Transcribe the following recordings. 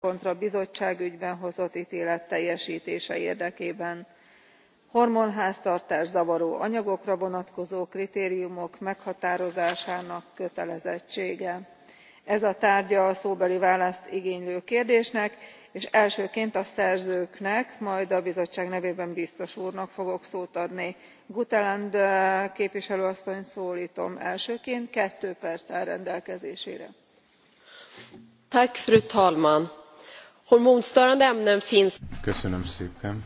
kontra bizottság ügyben hozott télet teljestése érdekében hormonháztartást zavaró anyagokra vonatkozó kritériumok meghatározásának kötelezettsége. ez a tárgya a szóbeli választ igénylő kérdésnek és elsőként a szerzőknek majd a bizottság nevében biztos úrnak fogok szót adni. guteland eh, képviselő asszonyt szóltom elsőként two perc áll rendelkezésére hormonstörande ämnen finns. Köszönöm szépen.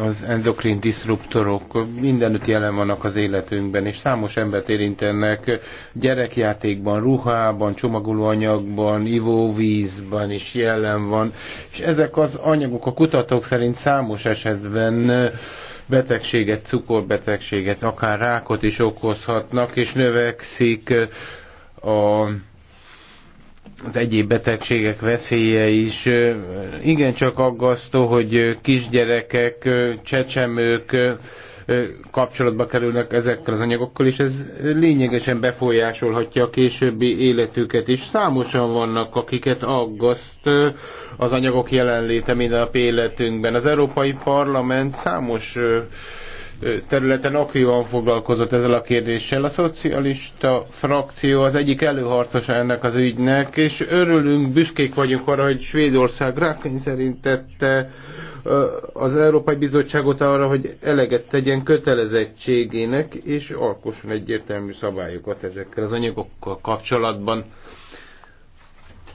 Az endokrin diszruptorok mindenütt jelen vannak az életünkben, és számos embert érintenek gyerekjátékban, ruhában, csomagolóanyagban, ivóvízben is jelen van. És ezek az anyagok a kutatók szerint számos esetben betegséget, cukorbetegséget, akár rákot is okozhatnak, és növekszik a az egyéb betegségek veszélye is. Igen, csak aggasztó, hogy kisgyerekek, csecsemők kapcsolatba kerülnek ezekkel az anyagokkal, és ez lényegesen befolyásolhatja a későbbi életüket is. Számosan vannak, akiket aggaszt az anyagok jelenléte minden a életünkben. Az Európai Parlament számos területen aktívan foglalkozott ezzel a kérdéssel. A szocialista frakció az egyik előharcosa ennek az ügynek, és örülünk, büszkék vagyunk arra, hogy Svédország rákényszerítette az Európai Bizottságot arra, hogy eleget tegyen kötelezettségének, és alkosson egyértelmű szabályokat ezekkel az anyagokkal kapcsolatban.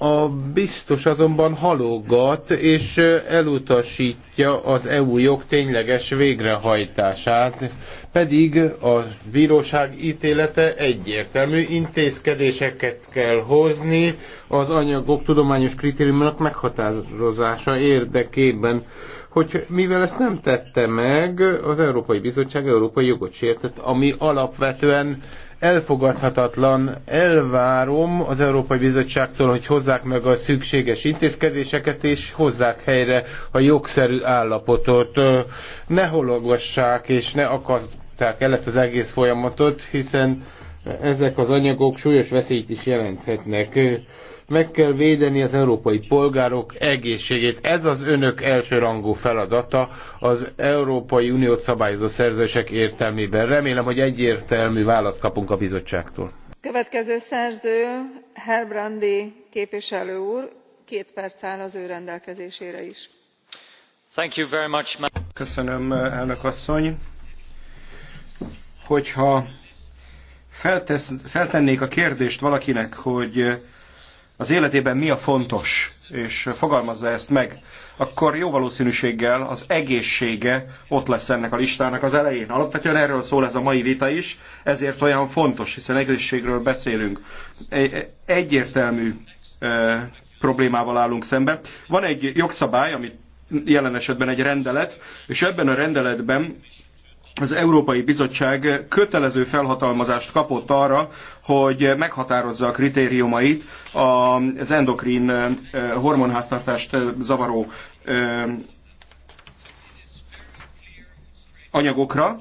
A biztos azonban halogat és elutasítja az EU jog tényleges végrehajtását, pedig a bíróság ítélete egyértelmű intézkedéseket kell hozni az anyagok tudományos kritériumnak meghatározása érdekében. Hogy mivel ezt nem tette meg, az Európai Bizottság európai jogot sértett, ami alapvetően elfogadhatatlan. Elvárom az Európai Bizottságtól, hogy hozzák meg a szükséges intézkedéseket, és hozzák helyre a jogszerű állapotot. Ne hologassák, és ne akasztják el ezt az egész folyamatot, hiszen ezek az anyagok súlyos veszélyt is jelenthetnek. Meg kell védeni az európai polgárok egészségét. Ez az önök elsőrangú feladata az Európai Uniót szabályozó szerzősek értelmében. Remélem, hogy egyértelmű választ kapunk a bizottságtól. Következő szerző Herbrandi képviselő úr, két perc áll az ő rendelkezésére is. Thank you very much. Köszönöm, elnök asszony. Hogyha feltesz, feltennék a kérdést valakinek, hogy az életében mi a fontos, és fogalmazza ezt meg, akkor jó valószínűséggel az egészsége ott lesz ennek a listának az elején. Alapvetően erről szól ez a mai vita is, ezért olyan fontos, hiszen egészségről beszélünk. E, e, egyértelmű e, problémával állunk szembe. Van egy jogszabály, amit jelen esetben egy rendelet, és ebben a rendeletben az Európai Bizottság kötelező felhatalmazást kapott arra, hogy meghatározza a kritériumait az endokrin hormonháztartást zavaró anyagokra.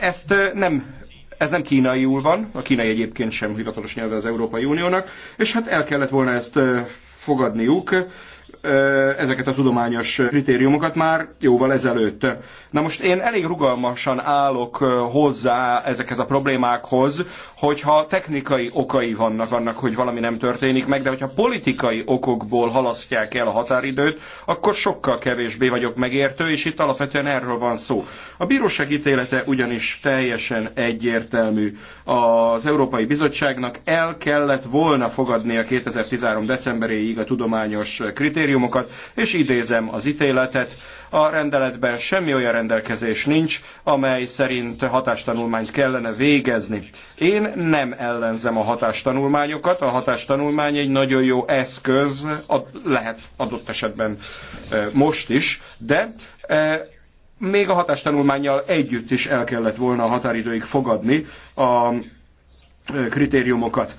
Ezt nem ez nem kínaiul van, a kínai egyébként sem hivatalos nyelve az Európai Uniónak, és hát el kellett volna ezt fogadniuk ezeket a tudományos kritériumokat már jóval ezelőtt. Na most én elég rugalmasan állok hozzá ezekhez a problémákhoz, hogyha technikai okai vannak annak, hogy valami nem történik meg, de hogyha politikai okokból halasztják el a határidőt, akkor sokkal kevésbé vagyok megértő, és itt alapvetően erről van szó. A bíróság ítélete ugyanis teljesen egyértelmű. Az Európai Bizottságnak el kellett volna fogadnia 2013. decemberéig a tudományos kritériumokat, kritériumokat, és idézem az ítéletet. A rendeletben semmi olyan rendelkezés nincs, amely szerint hatástanulmányt kellene végezni. Én nem ellenzem a hatástanulmányokat, a hatástanulmány egy nagyon jó eszköz, lehet adott esetben e, most is, de e, még a hatástanulmányjal együtt is el kellett volna a határidőig fogadni a kritériumokat.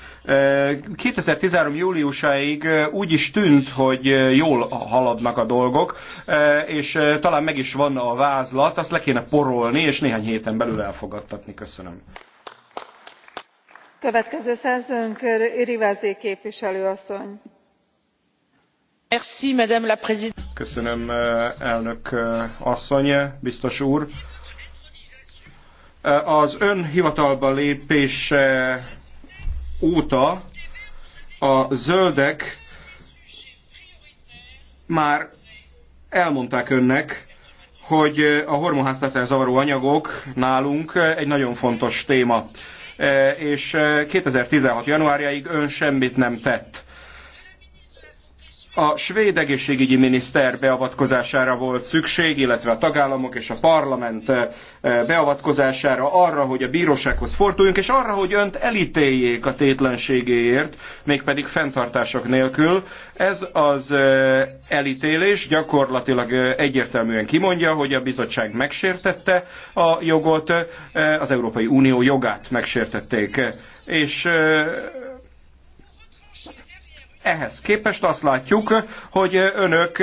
2013. júliusáig úgy is tűnt, hogy jól haladnak a dolgok, és talán meg is van a vázlat, azt le kéne porolni, és néhány héten belül elfogadtatni. Köszönöm. Következő szerzőnk Rivázé képviselőasszony. Merci, Madame la Présidente. Köszönöm, elnök asszony, biztos úr az ön hivatalba lépése óta a zöldek már elmondták önnek, hogy a hormonháztartás zavaró anyagok nálunk egy nagyon fontos téma. E, és 2016. E, januárjáig ön semmit nem tett a svéd egészségügyi miniszter beavatkozására volt szükség, illetve a tagállamok és a parlament eh, beavatkozására arra, hogy a bírósághoz forduljunk, és arra, hogy önt elítéljék a tétlenségéért, mégpedig fenntartások nélkül. Ez az eh, elítélés gyakorlatilag eh, egyértelműen kimondja, hogy a bizottság megsértette a jogot, az Európai Unió jogát megsértették. És ehhez képest azt látjuk, hogy önök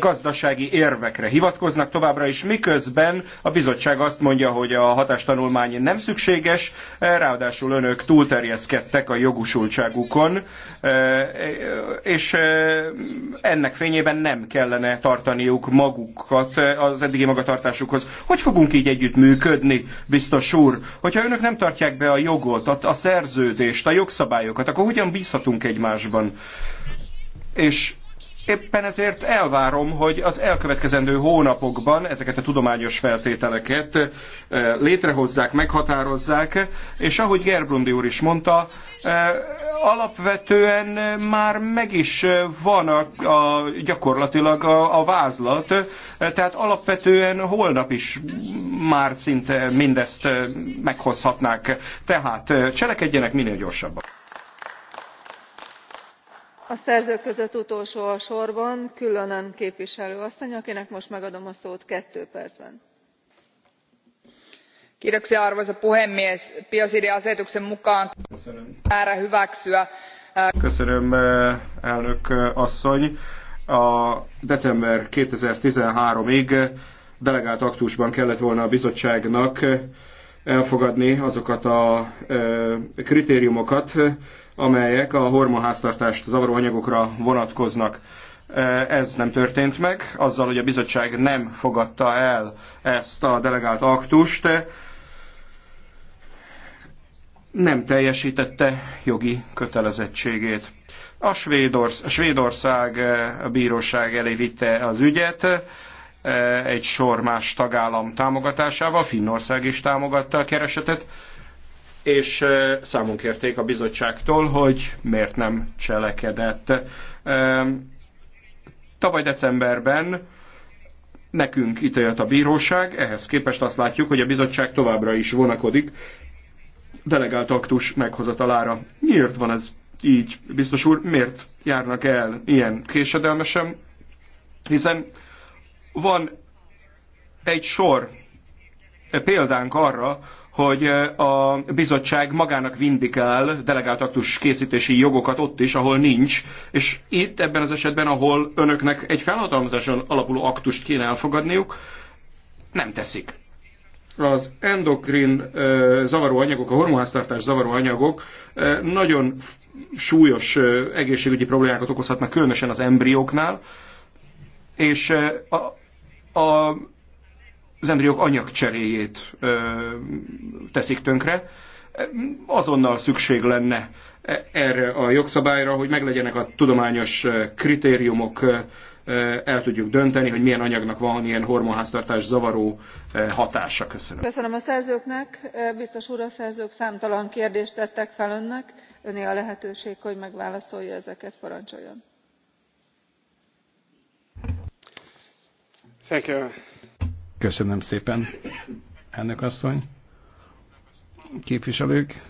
gazdasági érvekre hivatkoznak továbbra is, miközben a bizottság azt mondja, hogy a hatástanulmány nem szükséges, ráadásul önök túlterjeszkedtek a jogosultságukon, és ennek fényében nem kellene tartaniuk magukat az eddigi magatartásukhoz. Hogy fogunk így együtt működni, biztos úr? Hogyha önök nem tartják be a jogot, a szerződést, a jogszabályokat, akkor hogyan bízhatunk egymásban? És éppen ezért elvárom, hogy az elkövetkezendő hónapokban ezeket a tudományos feltételeket eh, létrehozzák, meghatározzák, és ahogy Gerblundi úr is mondta, eh, alapvetően már meg is eh, van a, a, gyakorlatilag a, a vázlat, tehát alapvetően holnap is már szinte mindezt meghozhatnák. Tehát cselekedjenek minél gyorsabban a szerzők között utolsó a sorban kyllönen képviselő asszony akinek most megadom a szót two percben. arvoisa puhemies biosidiasetuksen mukaan määrä hyväksyä. köszönöm elnök asszony a december two thousand and thirteen ig delegált aktusban kellett volna a bizottságnak elfogadni azokat a kritériumokat amelyek a hormonháztartást zavaró anyagokra vonatkoznak. E, ez nem történt meg, azzal, hogy a bizottság nem fogadta el ezt a delegált aktust, nem teljesítette jogi kötelezettségét. A Svédorsz, Svédország e, a bíróság elé vitte az ügyet, e, egy sor más tagállam támogatásával, Finnország is támogatta a keresetet, és számon kérték a bizottságtól, hogy miért nem cselekedett. Tavaly decemberben nekünk ítélt a bíróság, ehhez képest azt látjuk, hogy a bizottság továbbra is vonakodik delegált aktus meghozatalára. Miért van ez így, biztos úr, miért járnak el ilyen késedelmesen? Hiszen van egy sor példánk arra, hogy a bizottság magának vindikál delegált aktus készítési jogokat ott is, ahol nincs, és itt ebben az esetben, ahol önöknek egy felhatalmazáson alapuló aktust kéne elfogadniuk, nem teszik. Az endokrin zavaró anyagok, a hormonháztartás zavaró anyagok nagyon súlyos egészségügyi problémákat okozhatnak, különösen az embrióknál, és a, a az embriók anyagcseréjét teszik tönkre. Azonnal szükség lenne erre a jogszabályra, hogy meglegyenek a tudományos kritériumok, el tudjuk dönteni, hogy milyen anyagnak van ilyen hormonháztartás zavaró hatása. Köszönöm. Köszönöm a szerzőknek. Biztos úr, a szerzők számtalan kérdést tettek fel önnek. Öné a lehetőség, hogy megválaszolja ezeket, parancsoljon. Thank you. Köszönöm szépen, elnök asszony. Képviselők,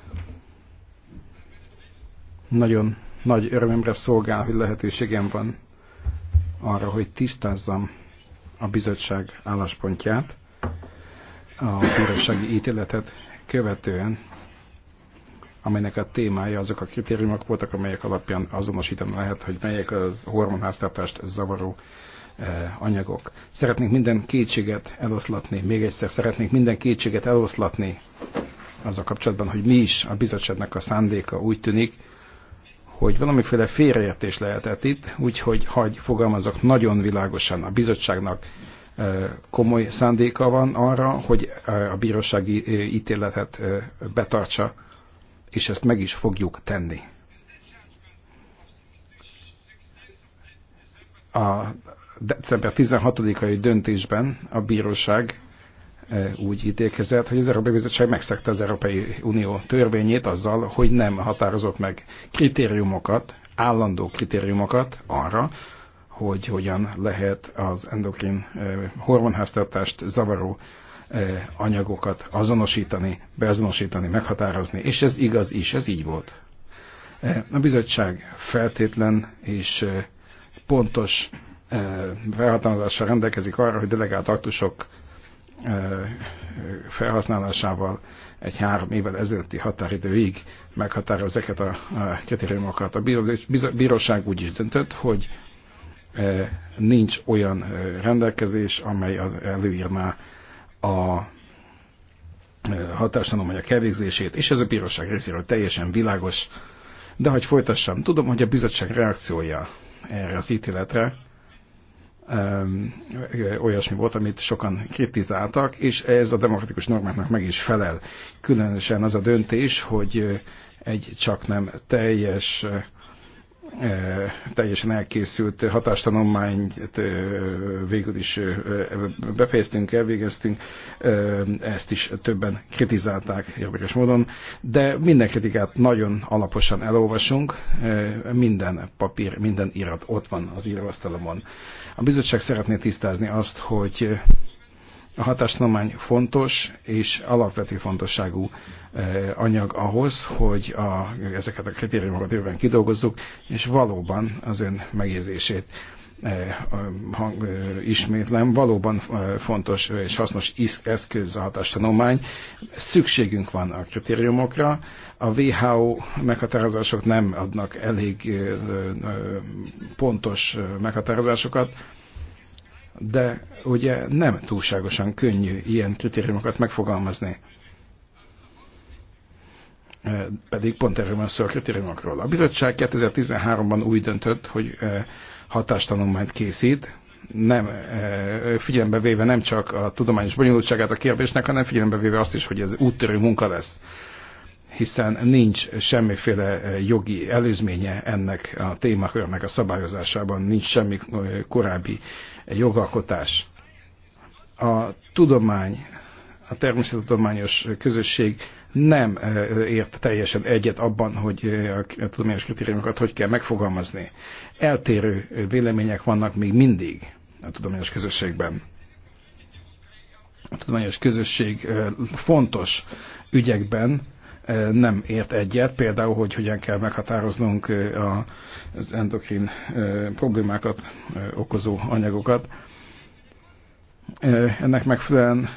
nagyon nagy örömömre szolgál, hogy lehetőségem van arra, hogy tisztázzam a bizottság álláspontját a bírósági ítéletet követően, amelynek a témája azok a kritériumok voltak, amelyek alapján azonosítani lehet, hogy melyek az hormonháztartást zavaró Eh, anyagok. Szeretnénk minden kétséget eloszlatni, még egyszer szeretnénk minden kétséget eloszlatni az a kapcsolatban, hogy mi is a bizottságnak a szándéka úgy tűnik, hogy valamiféle félreértés lehetett itt, úgyhogy hagy fogalmazok nagyon világosan a bizottságnak eh, komoly szándéka van arra, hogy eh, a bírósági ítéletet betartsa, és ezt meg is fogjuk tenni. A december 16-ai döntésben a bíróság eh, úgy ítélkezett, hogy az Európai Bizottság megszegte az Európai Unió törvényét azzal, hogy nem határozott meg kritériumokat, állandó kritériumokat arra, hogy hogyan lehet az endokrin eh, hormonháztartást zavaró eh, anyagokat azonosítani, beazonosítani, meghatározni. És ez igaz is, ez így volt. A bizottság feltétlen és pontos felhatalmazással rendelkezik arra, hogy delegált aktusok felhasználásával egy három évvel ezelőtti határidőig meghatároz ezeket a kritériumokat. A bíróság úgy is döntött, hogy nincs olyan rendelkezés, amely előírná a hatástanulmányok elvégzését, és ez a bíróság részéről teljesen világos. De hogy folytassam, tudom, hogy a bizottság reakciója erre az ítéletre olyasmi volt, amit sokan kritizáltak, és ez a demokratikus normáknak meg is felel. Különösen az a döntés, hogy egy csak nem teljes teljesen elkészült hatástanományt végül is befejeztünk, elvégeztünk, ezt is többen kritizálták érdekes módon, de minden kritikát nagyon alaposan elolvasunk, minden papír, minden irat ott van az íróasztalomon. A bizottság szeretné tisztázni azt, hogy a hatástanulmány fontos és alapvető fontosságú e, anyag ahhoz, hogy a, ezeket a kritériumokat jövőben kidolgozzuk, és valóban az ön megjegyzését e, e, ismétlem, valóban fontos és hasznos eszköz a hatástanulmány. Szükségünk van a kritériumokra. A WHO meghatározások nem adnak elég pontos meghatározásokat de ugye nem túlságosan könnyű ilyen kritériumokat megfogalmazni. Pedig pont erről van szó a kritériumokról. A bizottság 2013-ban úgy döntött, hogy hatástanulmányt készít, nem figyelembe véve nem csak a tudományos bonyolultságát a kérdésnek, hanem figyelembe véve azt is, hogy ez úttörő munka lesz hiszen nincs semmiféle eh, jogi előzménye ennek a témakörnek a szabályozásában, nincs semmi eh, korábbi jogalkotás. A tudomány, a természettudományos közösség nem eh, ért teljesen egyet abban, hogy a tudományos kritériumokat hogy kell megfogalmazni. Eltérő vélemények vannak még mindig a tudományos közösségben. A tudományos közösség fontos ügyekben nem ért egyet, például, hogy hogyan kell meghatároznunk az endokrin problémákat okozó anyagokat. Ennek megfelelően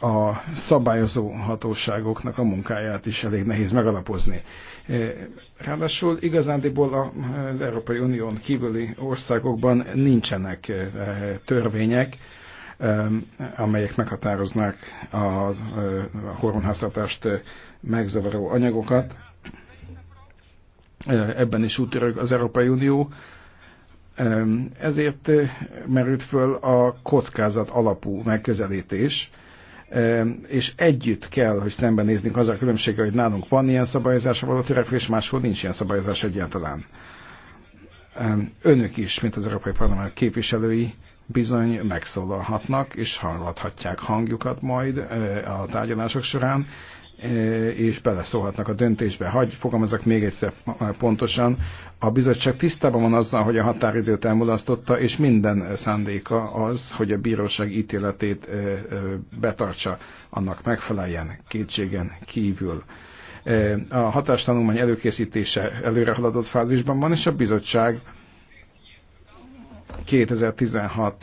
a szabályozó hatóságoknak a munkáját is elég nehéz megalapozni. Ráadásul igazándiból az Európai Unión kívüli országokban nincsenek törvények, amelyek meghatároznák a, a hormonháztartást megzavaró anyagokat. Ebben is úttörök az Európai Unió. Ezért merült föl a kockázat alapú megközelítés, és együtt kell, hogy szembenéznünk az a különbsége, hogy nálunk van ilyen szabályozás, való törekvés, máshol nincs ilyen szabályozás egyáltalán. Önök is, mint az Európai Parlament képviselői, bizony megszólalhatnak, és hallathatják hangjukat majd a tárgyalások során, és beleszólhatnak a döntésbe. Hagy fogalmazok még egyszer pontosan. A bizottság tisztában van azzal, hogy a határidőt elmulasztotta, és minden szándéka az, hogy a bíróság ítéletét betartsa, annak megfeleljen kétségen kívül. A hatástanulmány előkészítése előre haladott fázisban van, és a bizottság 2016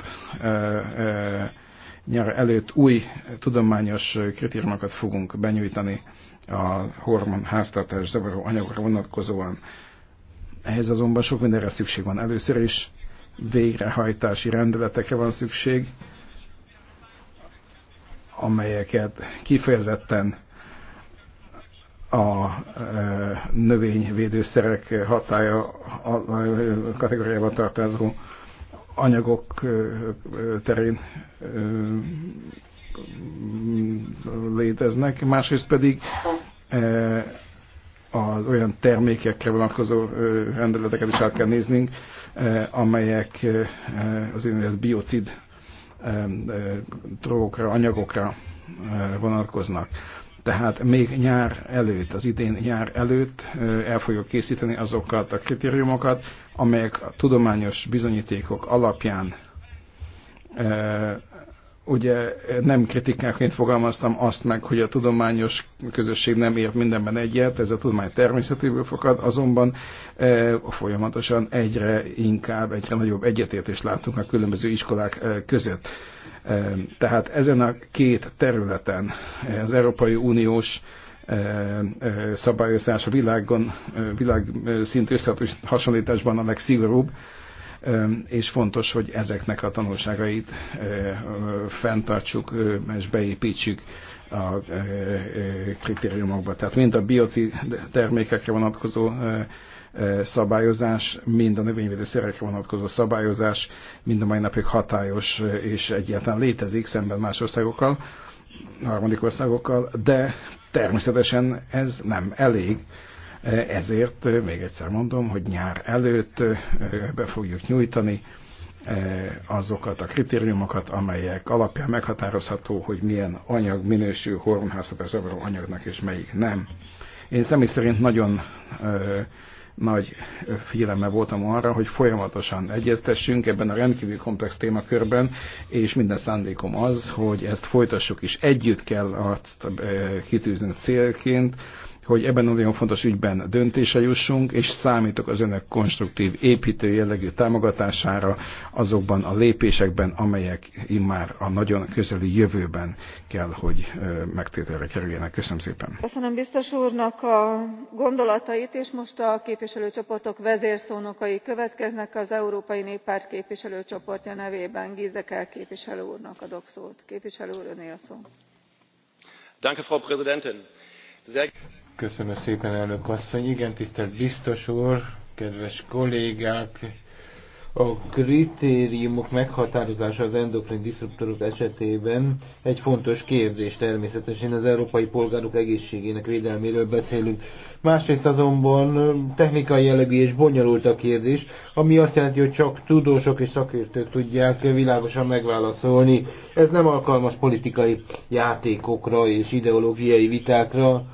nyar előtt új tudományos kritériumokat fogunk benyújtani a hormon háztartás zavaró anyagokra vonatkozóan. Ehhez azonban sok mindenre szükség van. Először is végrehajtási rendeletekre van szükség, amelyeket kifejezetten a növényvédőszerek hatája kategóriában tartozó anyagok terén léteznek, másrészt pedig az olyan termékekre vonatkozó rendeleteket is át kell néznünk, amelyek az úgynevezett biocid drogokra, anyagokra vonatkoznak. Tehát még nyár előtt, az idén nyár előtt el fogjuk készíteni azokat a kritériumokat, amelyek a tudományos bizonyítékok alapján e, ugye nem kritikáként fogalmaztam azt meg, hogy a tudományos közösség nem ért mindenben egyet, ez a tudomány természetéből fakad, azonban e, folyamatosan egyre inkább, egyre nagyobb egyetértést látunk a különböző iskolák e, között. E, tehát ezen a két területen e, az Európai Uniós szabályozás a világon, világ szint összehasonlításban a legszigorúbb, és fontos, hogy ezeknek a tanulságait fenntartsuk és beépítsük a kritériumokba. Tehát mind a bioci termékekre vonatkozó szabályozás, mind a növényvédőszerekre vonatkozó szabályozás mind a mai napig hatályos és egyáltalán létezik szemben más országokkal, harmadik országokkal, de Természetesen ez nem elég, ezért még egyszer mondom, hogy nyár előtt be fogjuk nyújtani azokat a kritériumokat, amelyek alapján meghatározható, hogy milyen anyag minősű hormonháztatás zavaró anyagnak, és melyik nem. Én személy szerint nagyon nagy figyelemmel voltam arra, hogy folyamatosan egyeztessünk ebben a rendkívül komplex témakörben, és minden szándékom az, hogy ezt folytassuk is. Együtt kell azt kitűzni célként, hogy ebben a nagyon fontos ügyben döntése jussunk, és számítok az önök konstruktív építő jellegű támogatására azokban a lépésekben, amelyek immár a nagyon közeli jövőben kell, hogy megtételre kerüljenek. Köszönöm szépen. Köszönöm biztos úrnak a gondolatait, és most a képviselőcsoportok vezérszónokai következnek az Európai Néppárt képviselőcsoportja nevében. Gízekel képviselő úrnak adok szót. Képviselő úr, öné a szó. Danke, Frau Präsidentin. Sehr Köszönöm szépen, elnök asszony. Igen, tisztelt biztos úr, kedves kollégák, a kritériumok meghatározása az endokrin diszruptorok esetében egy fontos kérdés természetesen az európai polgárok egészségének védelméről beszélünk. Másrészt azonban technikai jellegű és bonyolult a kérdés, ami azt jelenti, hogy csak tudósok és szakértők tudják világosan megválaszolni. Ez nem alkalmas politikai játékokra és ideológiai vitákra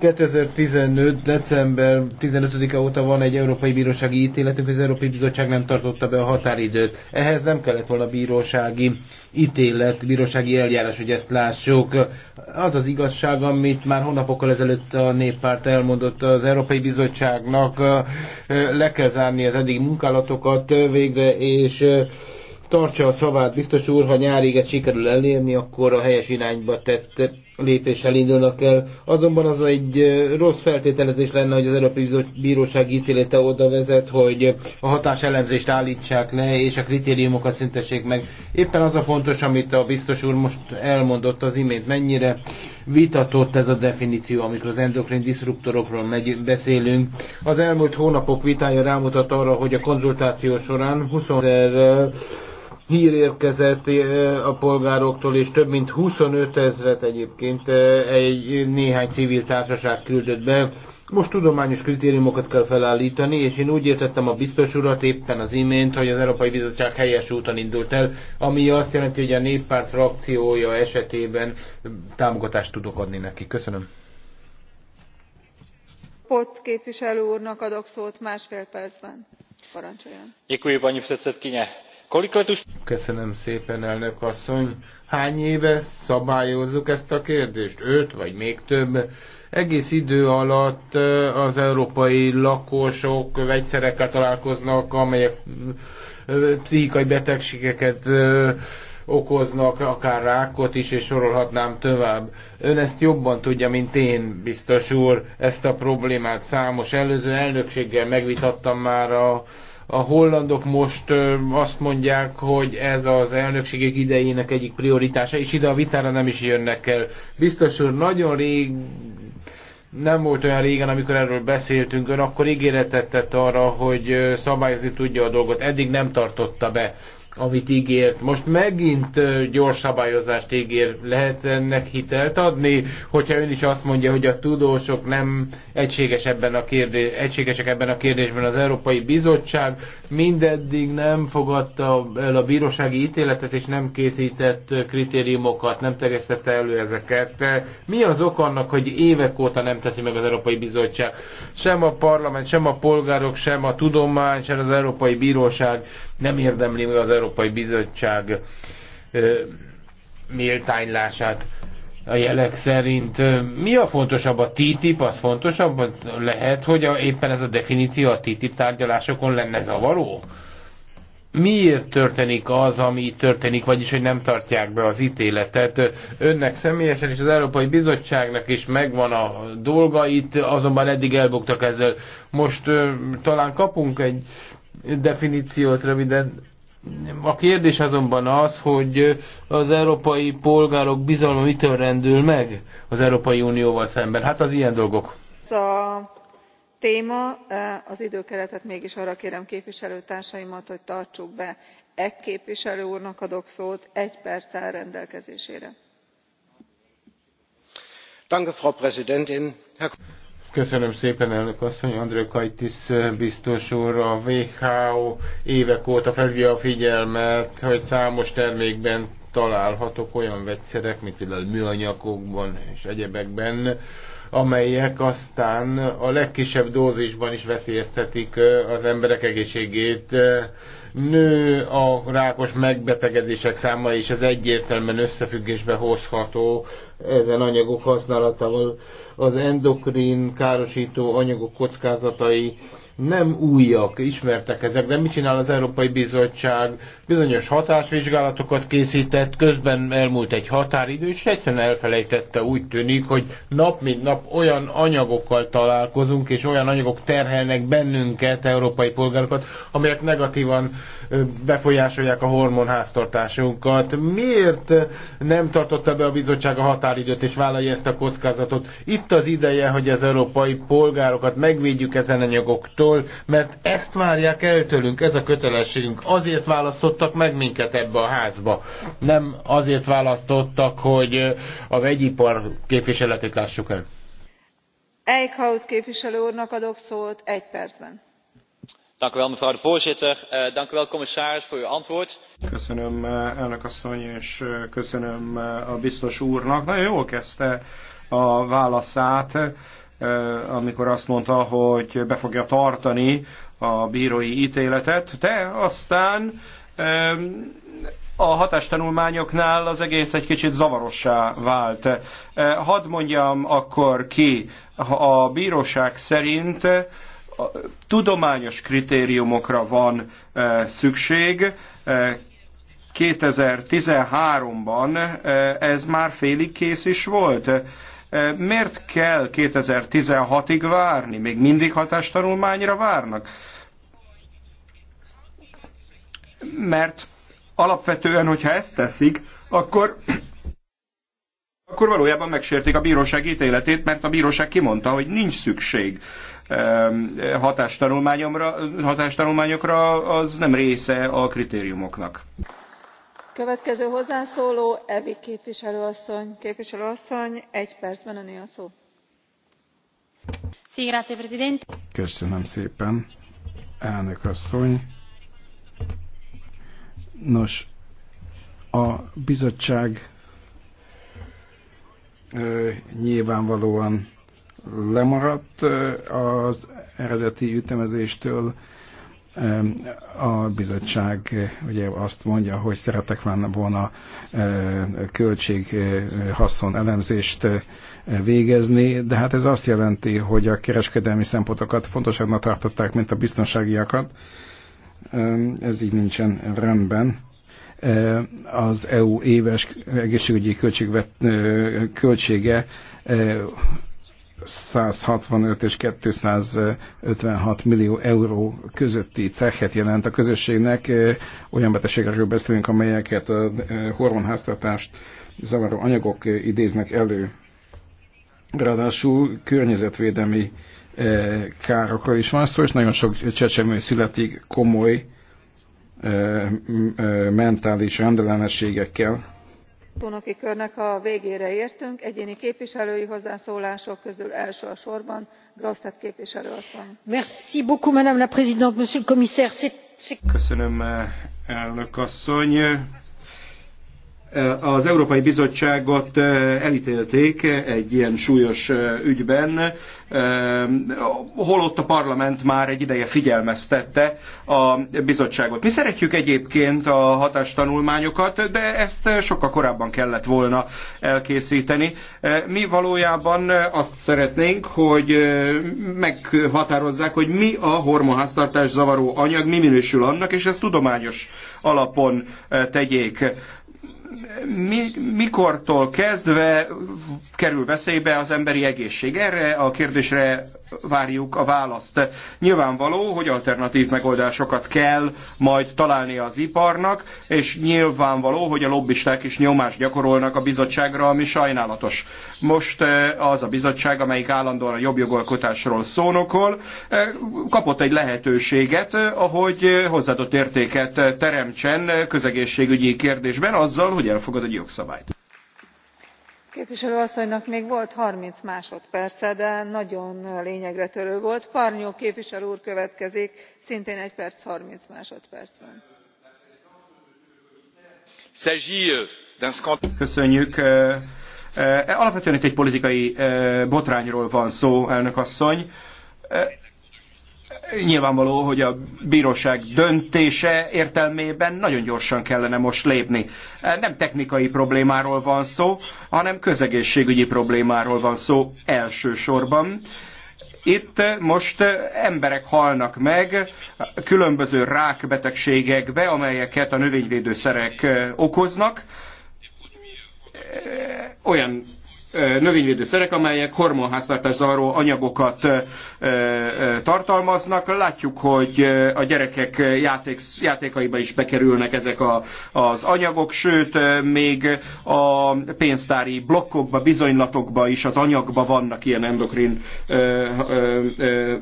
2015. december 15-e óta van egy Európai Bírósági ítéletünk, az Európai Bizottság nem tartotta be a határidőt. Ehhez nem kellett volna bírósági ítélet, bírósági eljárás, hogy ezt lássuk. Az az igazság, amit már hónapokkal ezelőtt a néppárt elmondott az Európai Bizottságnak, le kell zárni az eddig munkálatokat végre, és tartsa a szavát, biztos úr, ha nyárig ezt sikerül elérni, akkor a helyes irányba tett lépéssel indulnak el. Azonban az egy rossz feltételezés lenne, hogy az Európai Bíróság ítélete oda vezet, hogy a hatás ellenzést állítsák le, és a kritériumokat szüntessék meg. Éppen az a fontos, amit a biztos úr most elmondott az imént, mennyire vitatott ez a definíció, amikor az endokrin diszruptorokról megy, beszélünk. Az elmúlt hónapok vitája rámutat arra, hogy a konzultáció során 20 000 hír érkezett eh, a polgároktól, és több mint 25 ezret egyébként eh, egy néhány civil társaság küldött be. Most tudományos kritériumokat kell felállítani, és én úgy értettem a biztos urat éppen az imént, hogy az Európai Bizottság helyes úton indult el, ami azt jelenti, hogy a néppárt frakciója esetében támogatást tudok adni neki. Köszönöm. Poc képviselő úrnak adok szót másfél percben. Parancsoljon. Děkuji, paní předsedkyně Köszönöm szépen, elnök asszony. Hány éve szabályozzuk ezt a kérdést? Öt vagy még több? Egész idő alatt eh, az európai lakosok vegyszerekkel találkoznak, amelyek eh, pszichikai betegségeket eh, okoznak, akár rákot is, és sorolhatnám tovább. Ön ezt jobban tudja, mint én, biztos úr, ezt a problémát számos előző elnökséggel megvitattam már a a hollandok most azt mondják, hogy ez az elnökségek idejének egyik prioritása, és ide a vitára nem is jönnek el. Biztos úr, nagyon rég nem volt olyan régen, amikor erről beszéltünk, ön akkor ígéretet tett arra, hogy szabályozni tudja a dolgot, eddig nem tartotta be amit ígért. Most megint gyors szabályozást ígér. Lehet ennek hitelt adni, hogyha ön is azt mondja, hogy a tudósok nem egységes ebben a kérdés, egységesek ebben a kérdésben. Az Európai Bizottság mindeddig nem fogadta el a bírósági ítéletet, és nem készített kritériumokat, nem terjesztette elő ezeket. Mi az ok annak, hogy évek óta nem teszi meg az Európai Bizottság? Sem a parlament, sem a polgárok, sem a tudomány, sem az Európai Bíróság nem érdemli meg az Európai Bizottság méltánylását a jelek szerint. Mi a fontosabb? A TTIP az fontosabb? Lehet, hogy a, éppen ez a definíció a TTIP tárgyalásokon lenne zavaró? Miért történik az, ami történik, vagyis hogy nem tartják be az ítéletet? Önnek személyesen és az Európai Bizottságnak is megvan a dolga itt, azonban eddig elbuktak ezzel. Most ö, talán kapunk egy definíciót röviden. A kérdés azonban az, hogy az európai polgárok bizalma mitől rendül meg az Európai Unióval szemben. Hát az ilyen dolgok. Ez a téma, e, az időkeretet mégis arra kérem képviselőtársaimat, hogy tartsuk be. Egy képviselő úrnak adok szót, egy perc áll rendelkezésére. Danke, Frau Präsidentin. Herr Köszönöm szépen, elnök asszony, Andrő Kajtis biztos úr, a WHO évek óta felhívja a figyelmet, hogy számos termékben találhatok olyan vegyszerek, mint például műanyagokban és egyebekben, amelyek aztán a legkisebb dózisban is veszélyeztetik az emberek egészségét nő a rákos megbetegedések száma, és ez egyértelműen összefüggésbe hozható ezen anyagok használatával. Az endokrin károsító anyagok kockázatai nem újak, ismertek ezek, de mit csinál az Európai Bizottság? Bizonyos hatásvizsgálatokat készített, közben elmúlt egy határidő, és egyszerűen elfelejtette, úgy tűnik, hogy nap mint nap olyan anyagokkal találkozunk, és olyan anyagok terhelnek bennünket, európai polgárokat, amelyek negatívan befolyásolják a hormonháztartásunkat. Miért nem tartotta be a bizottság a határidőt, és vállalja ezt a kockázatot? Itt az ideje, hogy az európai polgárokat megvédjük ezen anyagoktól, egymástól, mert ezt várják el tőlünk, ez a kötelességünk. Azért választottak meg minket ebbe a házba. Nem azért választottak, hogy a vegyipar képviseletét lássuk el. Eichhout képviselő úrnak adok szót egy percben. Dank u wel, mevrouw de voorzitter. Uh, dank u wel, commissaris, voor uw antwoord. Köszönöm, eh, elnök asszony, és eh, köszönöm a biztos úrnak. Nagyon jól kezdte a válaszát amikor azt mondta, hogy be fogja tartani a bírói ítéletet, de aztán a hatástanulmányoknál az egész egy kicsit zavarossá vált. Hadd mondjam akkor ki, a bíróság szerint tudományos kritériumokra van szükség. 2013-ban ez már félig kész is volt Miért kell 2016-ig várni? Még mindig hatástanulmányra várnak? Mert alapvetően, hogyha ezt teszik, akkor akkor valójában megsértik a bíróság ítéletét, mert a bíróság kimondta, hogy nincs szükség hatástanulmányokra, az nem része a kritériumoknak következő hozzászóló evi képviselő a köszönöm szépen elnök asszony. nos a bizottság nyilvánvalóan lemaradt az eredeti ütemezéstől a bizottság ugye azt mondja, hogy szeretek volna költség-haszon elemzést végezni, de hát ez azt jelenti, hogy a kereskedelmi szempontokat fontosabbnak tartották, mint a biztonságiakat. Ez így nincsen rendben az EU éves egészségügyi költségvet, költsége 165 és 256 millió euró közötti cehet jelent a közösségnek. Olyan betegségekről beszélünk, amelyeket a hormonháztartást zavaró anyagok idéznek elő. Ráadásul környezetvédelmi károkról is van szó, és nagyon sok csecsemő születik komoly mentális rendellenességekkel, szónoki körnek a végére értünk egyéni képviselői hozzászólások közül első a sorban grossette képviselő eh, asszony az Európai Bizottságot eh, elítélték egy ilyen súlyos eh, ügyben, eh, holott a parlament már egy ideje figyelmeztette a bizottságot. Mi szeretjük egyébként a hatástanulmányokat, de ezt sokkal korábban kellett volna elkészíteni. Mi valójában azt szeretnénk, hogy meghatározzák, hogy mi a hormonháztartás zavaró anyag, mi minősül annak, és ezt tudományos alapon tegyék mi, mikortól kezdve kerül veszélybe az emberi egészség? Erre a kérdésre várjuk a választ. Nyilvánvaló, hogy alternatív megoldásokat kell majd találni az iparnak, és nyilvánvaló, hogy a lobbisták is nyomást gyakorolnak a bizottságra, ami sajnálatos. Most eh, az a bizottság, amelyik állandóan a jobb jogalkotásról szónokol, eh, kapott egy lehetőséget, eh, ahogy hozzáadott értéket teremtsen közegészségügyi kérdésben, azzal, hogy el elfogad egy jogszabályt. képviselő asszonynak még volt thirty másodperce de nagyon lényegre törő volt. pargneaux képviselő úr következik szintén one perc thirty másodpercben. Euh, köszönjük! alapvetően itt egy politikai botrányról van szó elnök asszony nyilvánvaló, hogy a bíróság döntése értelmében nagyon gyorsan kellene most lépni. E, nem technikai problémáról van szó, hanem közegészségügyi problémáról van szó elsősorban. Itt most emberek halnak meg különböző rákbetegségekbe, amelyeket a növényvédőszerek e, okoznak. E, olyan növényvédőszerek, amelyek hormonháztartás zavaró anyagokat tartalmaznak. Látjuk, hogy a gyerekek játékaiba is bekerülnek ezek a, az anyagok, sőt, még a pénztári blokkokba, bizonylatokba is az anyagba vannak ilyen endokrin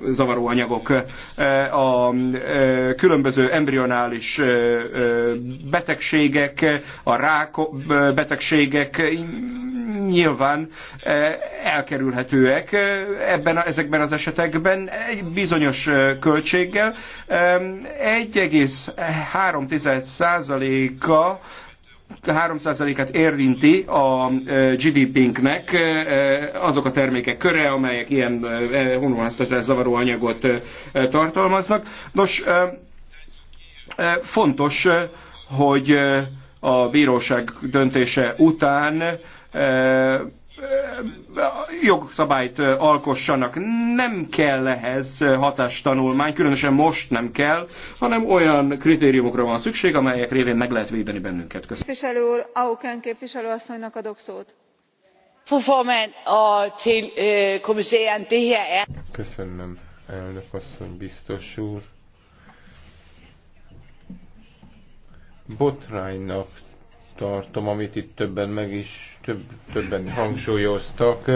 zavaró anyagok. A különböző embryonális betegségek, a rák betegségek nyilván nyilván eh, elkerülhetőek eh, ebben, ezekben az esetekben egy bizonyos eh, költséggel. 1,3%-a 3%-át érinti a GDP-nknek azok a termékek köre, amelyek ilyen honválasztatás zavaró anyagot tartalmaznak. Nos, fontos, hogy a bíróság döntése után jogszabályt alkossanak. Nem kell ehhez hatástanulmány, különösen most nem kell, hanem olyan kritériumokra van szükség, amelyek révén meg lehet védeni bennünket. Köszönöm. Képviselő úr, Auken képviselő adok szót. Köszönöm, elnök asszony, biztos úr. Botránynak tartom, amit itt többen meg is, több, többen hangsúlyoztak,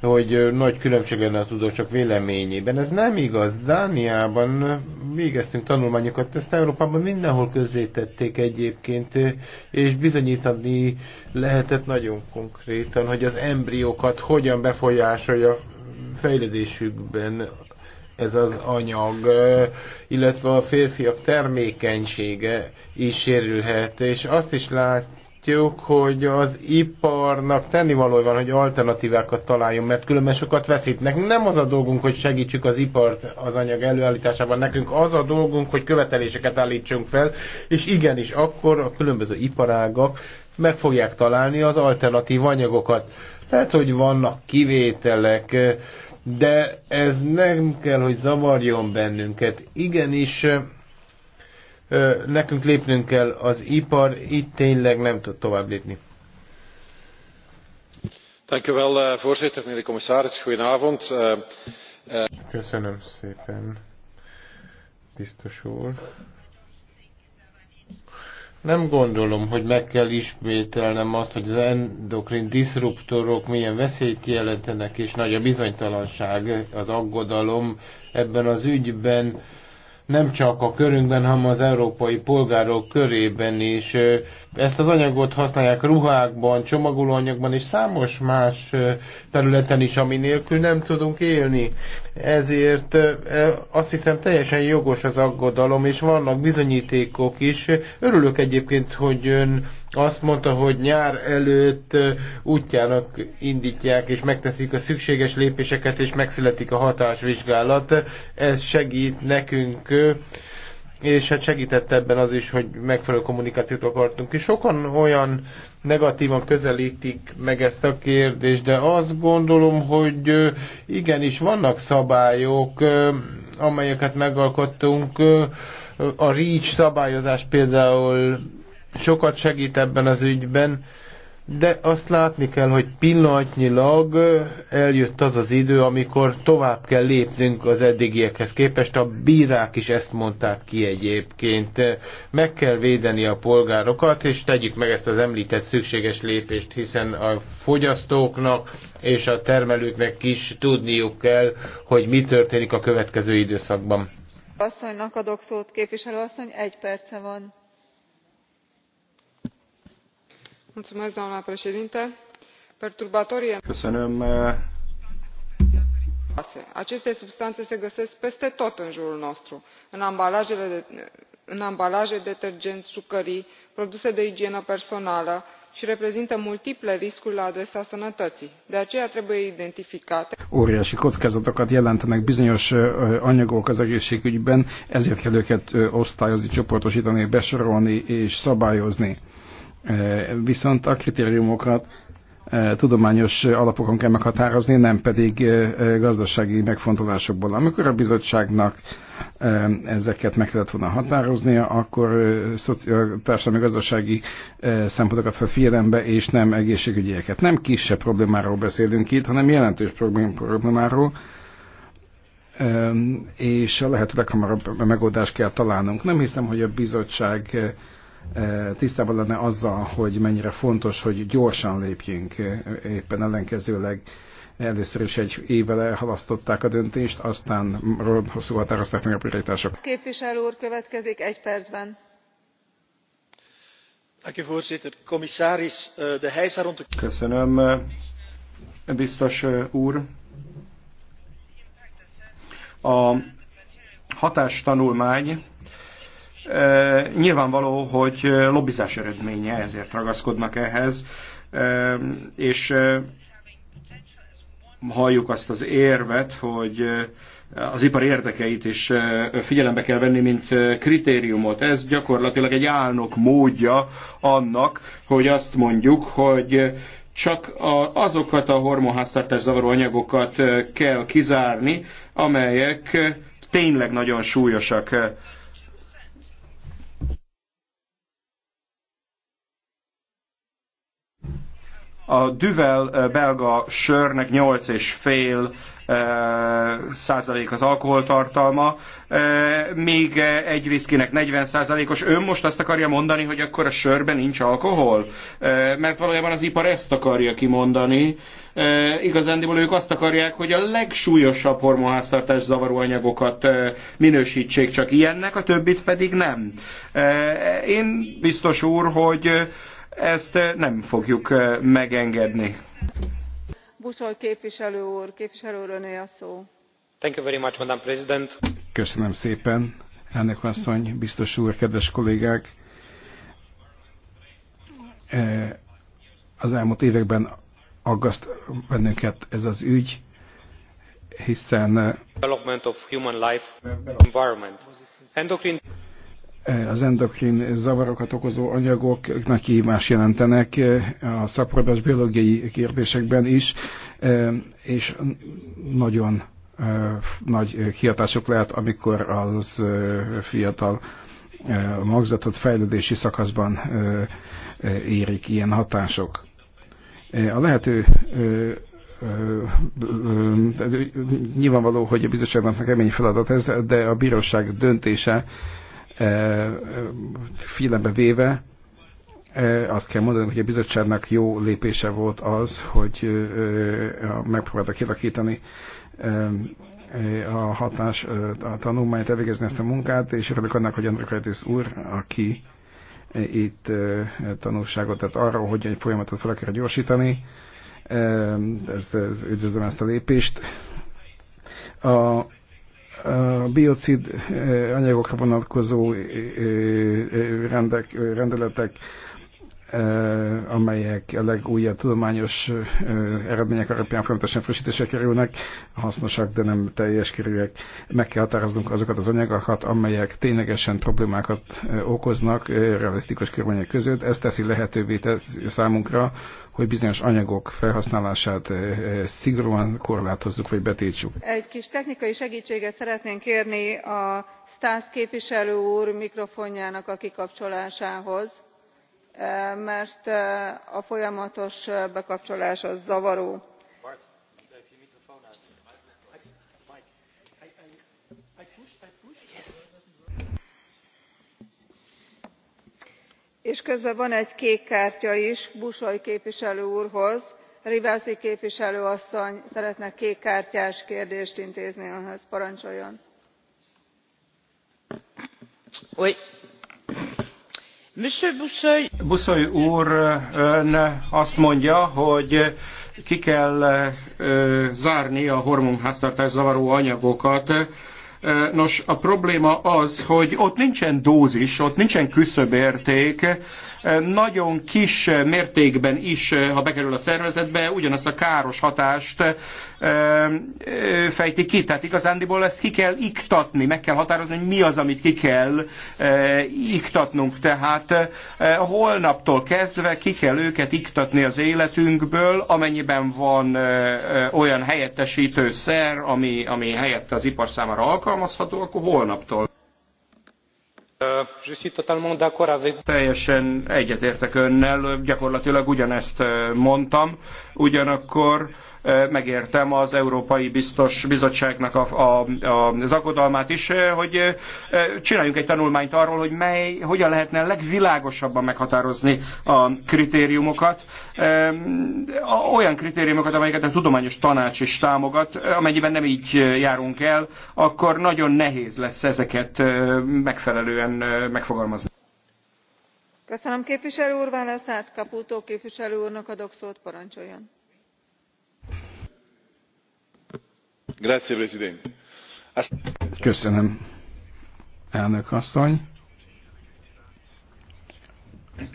hogy nagy különbség lenne a tudósok véleményében. Ez nem igaz. Dániában végeztünk tanulmányokat, ezt Európában mindenhol közzétették egyébként, és bizonyítani lehetett nagyon konkrétan, hogy az embriókat hogyan befolyásolja fejlődésükben ez az anyag, illetve a férfiak termékenysége is sérülhet, és azt is lát, látjuk, hogy az iparnak tennivaló van, hogy alternatívákat találjon, mert különben sokat veszítnek. Nem az a dolgunk, hogy segítsük az ipart az anyag előállításában, nekünk az a dolgunk, hogy követeléseket állítsunk fel, és igenis akkor a különböző iparágak meg fogják találni az alternatív anyagokat. Lehet, hogy vannak kivételek, de ez nem kell, hogy zavarjon bennünket. Igenis, nekünk lépnünk kell, az ipar itt tényleg nem tud tovább lépni. Eh, voorzitter de commissaris goedenavond. Eh, eh, köszönöm szépen biztos úr. Nem gondolom, hogy meg kell ismételnem azt, hogy az endokrin diszruptorok milyen veszélyt jelentenek, és nagy a bizonytalanság, az aggodalom ebben az ügyben nem csak a körünkben, hanem az európai polgárok körében is. Ezt az anyagot használják ruhákban, csomagolóanyagban és számos más területen is, ami nélkül nem tudunk élni. Ezért azt hiszem teljesen jogos az aggodalom, és vannak bizonyítékok is. Örülök egyébként, hogy ön azt mondta, hogy nyár előtt útjának indítják és megteszik a szükséges lépéseket, és megszületik a hatásvizsgálat. Ez segít nekünk és hát segített ebben az is, hogy megfelelő kommunikációt akartunk. És sokan olyan negatívan közelítik meg ezt a kérdést, de azt gondolom, hogy igenis vannak szabályok, amelyeket megalkottunk. A REACH szabályozás például sokat segít ebben az ügyben, de azt látni kell, hogy pillanatnyilag eljött az az idő, amikor tovább kell lépnünk az eddigiekhez képest. A bírák is ezt mondták ki egyébként. Meg kell védeni a polgárokat, és tegyük meg ezt az említett szükséges lépést, hiszen a fogyasztóknak és a termelőknek is tudniuk kell, hogy mi történik a következő időszakban. Asszonynak adok szót, képviselő asszony, egy perce van doamnă președintă perturbatorii endocrini aceste substanțe se găsesc peste tot în jurul nostru în ambalaje detergenți jucării produse de igienă personală și reprezintă multiple riscuri la adresa sănătății. de aceea trebuie identificate. óriási kockázatokat jelentenek bizonyos anyagok az egészségügyben ezért kell őket osztályozni csoportosítani besorolni és szabályozni Viszont a kritériumokat tudományos alapokon kell meghatározni, nem pedig gazdasági megfontolásokból. Amikor a bizottságnak ezeket meg kellett volna határoznia, akkor társadalmi-gazdasági szempontokat vett figyelembe, és nem egészségügyieket. Nem kisebb problémáról beszélünk itt, hanem jelentős problémáról, és a lehető leghamarabb megoldást kell találnunk. Nem hiszem, hogy a bizottság tisztában lenne azzal, hogy mennyire fontos, hogy gyorsan lépjünk, éppen ellenkezőleg először is egy évvel elhalasztották a döntést, aztán hosszú határozták meg a prioritások. Képviselő úr következik egy percben. Eh, Köszönöm, eh, biztos eh, úr. A hatástanulmány Nyilvánvaló, hogy lobbizás eredménye, ezért ragaszkodnak ehhez, és halljuk azt az érvet, hogy az ipar érdekeit is figyelembe kell venni, mint kritériumot. Ez gyakorlatilag egy álnok módja annak, hogy azt mondjuk, hogy csak azokat a hormonháztartás zavaró anyagokat kell kizárni, amelyek tényleg nagyon súlyosak. A Düvel belga sörnek 8%-os fél százalék az alkoholtartalma, még egy viszkinek 40 százalékos. Ön most azt akarja mondani, hogy akkor a sörben nincs alkohol? Mert valójában az ipar ezt akarja kimondani. Igazándiból ők azt akarják, hogy a legsúlyosabb hormonháztartás zavaró anyagokat minősítsék csak ilyennek, a többit pedig nem. Én biztos úr, hogy ezt eh, nem fogjuk eh, megengedni. Buszol képviselő úr, képviselő úr, öné a szó. Thank you very much, Madam President. Köszönöm szépen, elnök asszony, biztos úr, kedves kollégák. Eh, az elmúlt években aggaszt bennünket ez az ügy, hiszen development of human life environment az endokrin zavarokat okozó anyagok nagy kihívást jelentenek eh, a szaporodás biológiai kérdésekben is, eh, és nagyon eh, nagy kihatások lehet, amikor az fiatal magzatot fejlődési szakaszban érik ilyen hatások. A lehető nyilvánvaló, hogy a bizottságnak kemény feladat ez, de a bíróság döntése figyelembe véve azt kell mondanom, hogy a bizottságnak jó lépése volt az, hogy megpróbálta kilakítani a hatás, a tanulmányt elvégezni ezt a munkát, és örülök annak, hogy Andrikaitis úr, aki itt tanulságot tett arról, hogy egy folyamatot fel kell gyorsítani, ezt, üdvözlöm ezt a lépést. A a biocid eh, anyagokra vonatkozó eh, eh, rendek, rendeletek, amelyek a legújabb tudományos eredmények alapján folyamatosan frissítésre kerülnek, hasznosak, de nem teljes kerülnek. Meg kell határoznunk azokat az anyagokat, amelyek ténylegesen problémákat okoznak realisztikus körülmények között. Ez teszi lehetővé tesz számunkra, hogy bizonyos anyagok felhasználását eh, eh, szigorúan korlátozzuk vagy betiltsuk. egy kis technikai segítséget szeretnénk kérni a Stász képviselő úr mikrofonjának a kikapcsolásához eh, mert a folyamatos bekapcsolás az zavaró. és közben van egy kék kártya is buoi képviselő úrhoz rivasi képviselő asszony szeretne kékkártyás kérdést intézni önhöz parancsoljon! buoi úr ön azt mondja hogy ki kell zárni a hormonháztartást zavaró anyagokat Nos, a probléma az, hogy ott nincsen dózis, ott nincsen küszöbérték, nagyon kis mértékben is, ha bekerül a szervezetbe, ugyanazt a káros hatást fejti ki. Tehát igazándiból ezt ki kell iktatni, meg kell határozni, hogy mi az, amit ki kell iktatnunk. Tehát holnaptól kezdve ki kell őket iktatni az életünkből, amennyiben van olyan helyettesítő szer, ami, ami helyette az ipar számára alkalmazható, akkor holnaptól. Teljesen egyetértek önnel, gyakorlatilag ugyanezt mondtam, ugyanakkor megértem az Európai Biztos Bizottságnak a, a, a, az aggodalmát is, hogy csináljunk egy tanulmányt arról, hogy mely, hogyan lehetne legvilágosabban meghatározni a kritériumokat, olyan kritériumokat, amelyeket a tudományos tanács is támogat, amennyiben nem így járunk el, akkor nagyon nehéz lesz ezeket megfelelően megfogalmazni. Köszönöm képviselő úr, válaszát Caputo képviselő úrnak adok szót, parancsoljon. Köszönöm, elnök asszony.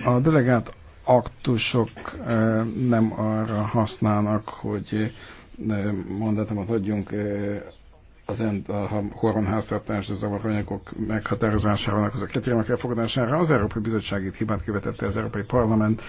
A delegált aktusok eh, nem arra használnak, hogy eh, mandátumot adjunk eh, az end, a hormonháztartás az zavaranyagok meghatározásának az a kritériumok elfogadására. Az Európai Bizottság itt hibát követette az Európai Parlament.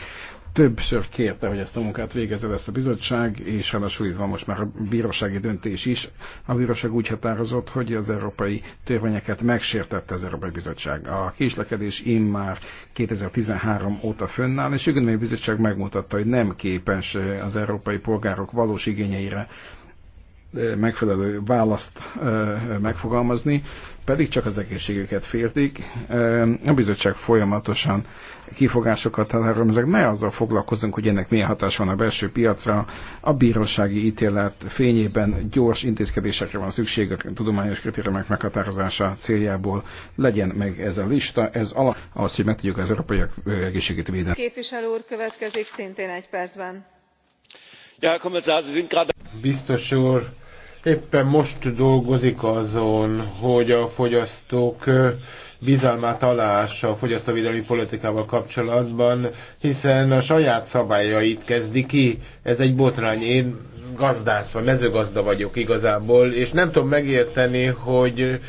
Többször kérte, hogy ezt a munkát végezze ezt a bizottság, és ráadásul itt van most már a bírósági döntés is. A bíróság úgy határozott, hogy az európai törvényeket megsértette az Európai Bizottság. A késlekedés immár 2013 óta fönnáll, és a bizottság megmutatta, hogy nem képes az európai polgárok valós igényeire megfelelő választ megfogalmazni, pedig csak az egészségüket féltik. A bizottság folyamatosan kifogásokat találom, ezek ne azzal foglalkozunk, hogy ennek milyen hatás van a belső piacra. A bírósági ítélet fényében gyors intézkedésekre van szükség a tudományos kritériumok meghatározása céljából. Legyen meg ez a lista, ez alap az, hogy meg tudjuk az európaiak egészségét védeni. Képviselő úr következik szintén egy percben. Ja, Herr Kommissar, Sie sind gerade... Biztos úr, éppen most dolgozik azon, hogy a fogyasztók bizalmát aláássa a fogyasztóvédelmi politikával kapcsolatban, hiszen a saját szabályait kezdi ki. Ez egy botrány. Én gazdász vagy mezőgazda vagyok igazából, és nem tudom megérteni, hogy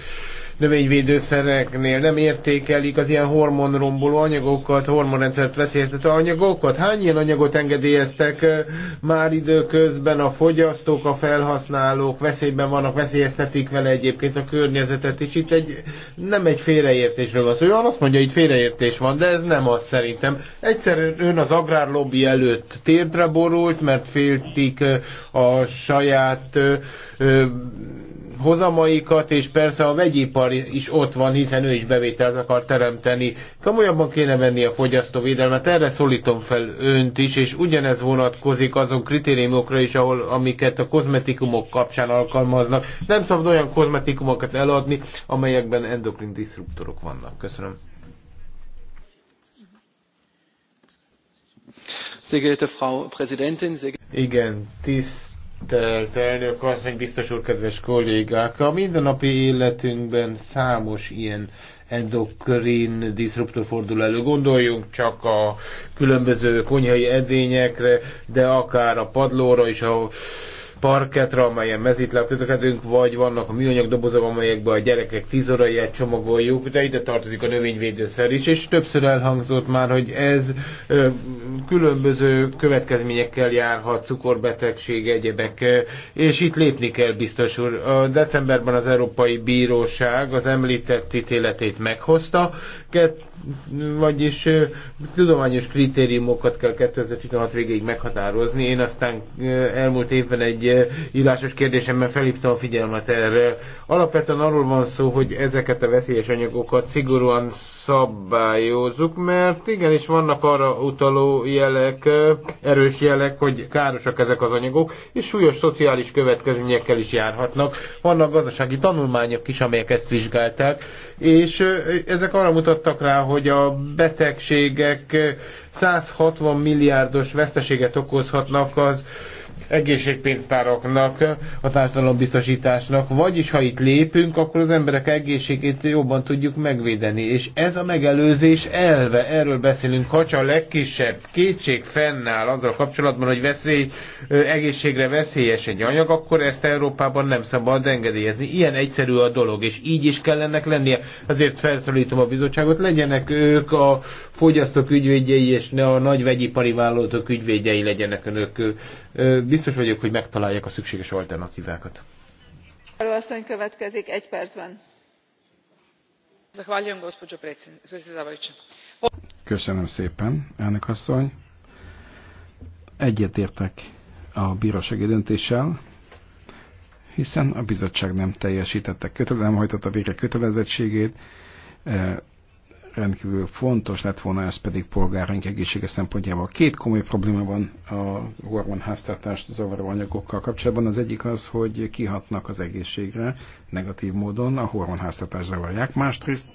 növényvédőszereknél nem értékelik az ilyen hormonromboló anyagokat, hormonrendszert veszélyeztető anyagokat. Hány ilyen anyagot engedélyeztek már időközben a fogyasztók, a felhasználók veszélyben vannak, veszélyeztetik vele egyébként a környezetet, és itt egy, nem egy félreértésről van szó. Szóval azt mondja, itt félreértés van, de ez nem az szerintem. Egyszerűen ön az agrárlobby előtt térdre borult, mert féltik a saját hozamaikat, és persze a vegyipar is ott van, hiszen ő is bevételt akar teremteni. Komolyabban kéne venni a fogyasztóvédelmet, erre szólítom fel önt is, és ugyanez vonatkozik azon kritériumokra is, ahol, amiket a kozmetikumok kapcsán alkalmaznak. Nem szabad olyan kozmetikumokat eladni, amelyekben endokrin diszruptorok vannak. Köszönöm. Sehr geehrte Frau Präsidentin, sehr Igen, tisztelt Tisztelt elnök asszony, biztos úr, kedves kollégák! A mindennapi életünkben számos ilyen endokrin diszruptor fordul elő. Gondoljunk csak a különböző konyhai edényekre, de akár a padlóra is, ahol parketra, amelyen mezitláb közlekedünk, vagy vannak a műanyag dobozok, amelyekbe a gyerekek tíz óraiját csomagoljuk, de ide tartozik a növényvédőszer is, és többször elhangzott már, hogy ez ö, különböző következményekkel járhat, cukorbetegség, egyebek, és itt lépni kell biztos úr. A decemberben az Európai Bíróság az említett ítéletét meghozta, vagyis tudományos kritériumokat kell 2016 végéig meghatározni. Én aztán elmúlt évben egy írásos kérdésemben felhívtam a figyelmet erre. Alapvetően arról van szó, hogy ezeket a veszélyes anyagokat szigorúan szabályozunk, mert igenis vannak arra utaló jelek, erős jelek, hogy károsak ezek az anyagok, és súlyos szociális következményekkel is járhatnak. Vannak gazdasági tanulmányok is, amelyek ezt vizsgálták, és ezek arra mutattak rá, hogy a betegségek 160 milliárdos veszteséget okozhatnak az egészségpénztáraknak, a társadalombiztosításnak, vagyis ha itt lépünk, akkor az emberek egészségét jobban tudjuk megvédeni. És ez a megelőzés elve, erről beszélünk, ha csak a legkisebb kétség fennáll azzal kapcsolatban, hogy veszély, egészségre veszélyes egy anyag, akkor ezt Európában nem szabad engedélyezni. Ilyen egyszerű a dolog, és így is kell ennek lennie. Azért felszólítom a bizottságot, legyenek ők a fogyasztók ügyvédjei, és ne a nagy vegyipari vállalatok ügyvédjei legyenek önök Biztos vagyok, hogy megtalálják a szükséges alternatívákat. Asszony következik egy percben. Köszönöm szépen, elnök asszony. Egyetértek a bírósági döntéssel, hiszen a bizottság nem teljesítette kötelem, hajtotta végre kötelezettségét, rendkívül fontos lett volna, ez pedig polgáraink egészsége szempontjából. Két komoly probléma van a hormonháztartást zavaró anyagokkal kapcsolatban. Az egyik az, hogy kihatnak az egészségre negatív módon, a hormonháztartást zavarják. Másrészt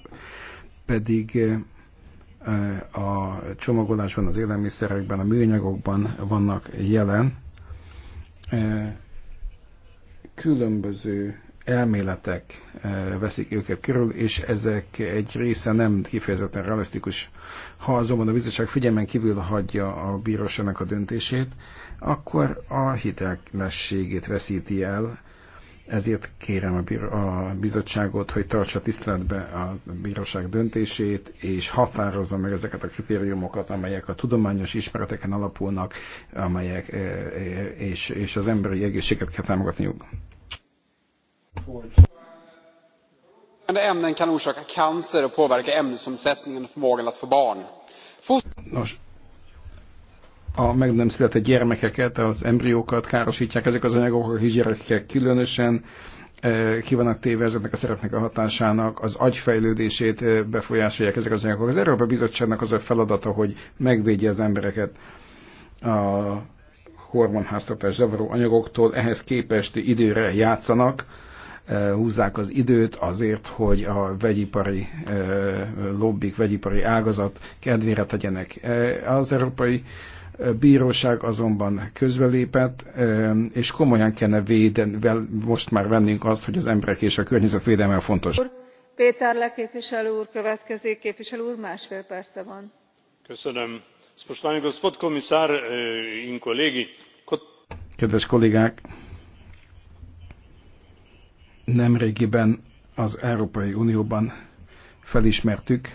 pedig eh, a csomagolásban, az élelmiszerekben, a műanyagokban vannak jelen eh, különböző elméletek eh, veszik őket körül, és ezek egy része nem kifejezetten realisztikus. Ha azonban a bizottság figyelmen kívül hagyja a bíróságnak a döntését, akkor a hitelességét veszíti el, ezért kérem a, a bizottságot, hogy tartsa tiszteletbe a bíróság döntését, és határozza meg ezeket a kritériumokat, amelyek a tudományos ismereteken alapulnak, amelyek, eh, eh, és, és az emberi egészséget kell támogatniuk ämnen kan orsaka cancer och påverka ämnesomsättningen och förmågan att få barn. Nos, a meg nem született gyermekeket, az embriókat károsítják ezek az anyagok, a kisgyerekek különösen e, ki vannak téve ezeknek a szerepnek a hatásának, az agyfejlődését e, befolyásolják ezek az anyagok. Az Európa Bizottságnak az a feladata, hogy megvédje az embereket a hormonháztatás zavaró anyagoktól, ehhez képest időre játszanak, húzzák az időt azért, hogy a vegyipari lobbik, vegyipari ágazat kedvére tegyenek. Az Európai Bíróság azonban közbelépett, és komolyan kellene véden, most már vennünk azt, hogy az emberek és a környezet védelme fontos. Péter leképviselő úr következik, képviselő úr másfél perce van. Köszönöm. Spoštovani gospod komisár in kolegi. Kedves kollégák! Nemrégiben az Európai Unióban felismertük,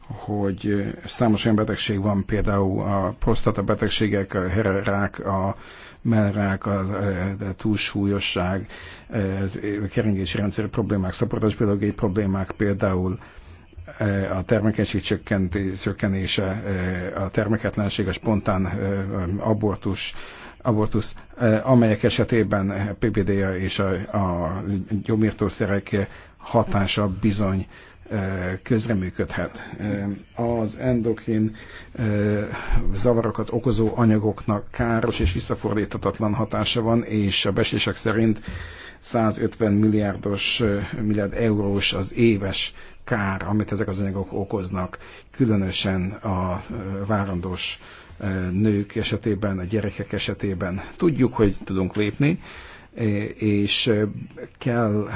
hogy számos olyan betegség van, például a prostata betegségek, a hererák, a mellrák, a, e, túlsúlyosság, e, e, a keringési rendszer problémák, szaporodás biológiai problémák, például a termékenység csökkentése, a termeketlenség, a spontán abortus, abortus, eh, amelyek esetében PPD-ja és a, a gyomírtószerek hatása bizony eh, közreműködhet. Eh, az endokrin zavarokat okozó anyagoknak káros és visszafordíthatatlan hatása van, és a beszések szerint 150 milliárdos, milliárd eurós az éves kár, amit ezek az anyagok okoznak, különösen a várandós nők esetében, a gyerekek esetében. Tudjuk, hogy tudunk lépni, e, és e, kell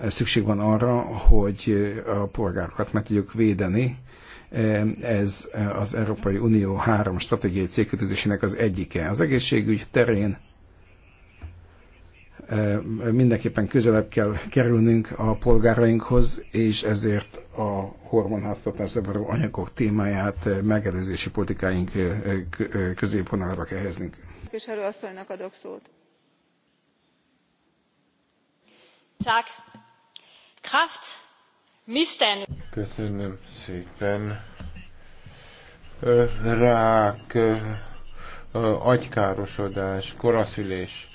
e, szükség van arra, hogy a polgárokat meg tudjuk védeni. Ez az Európai Unió három stratégiai célkötözésének az egyike. Az egészségügy terén mindenképpen közelebb kell kerülnünk a polgárainkhoz, és ezért a hormonháztatás zavaró anyagok témáját megelőzési politikáink középvonalára kell helyeznünk. Képviselő asszonynak adok szót. Kraft. Misten. Köszönöm szépen. Rák, agykárosodás, koraszülés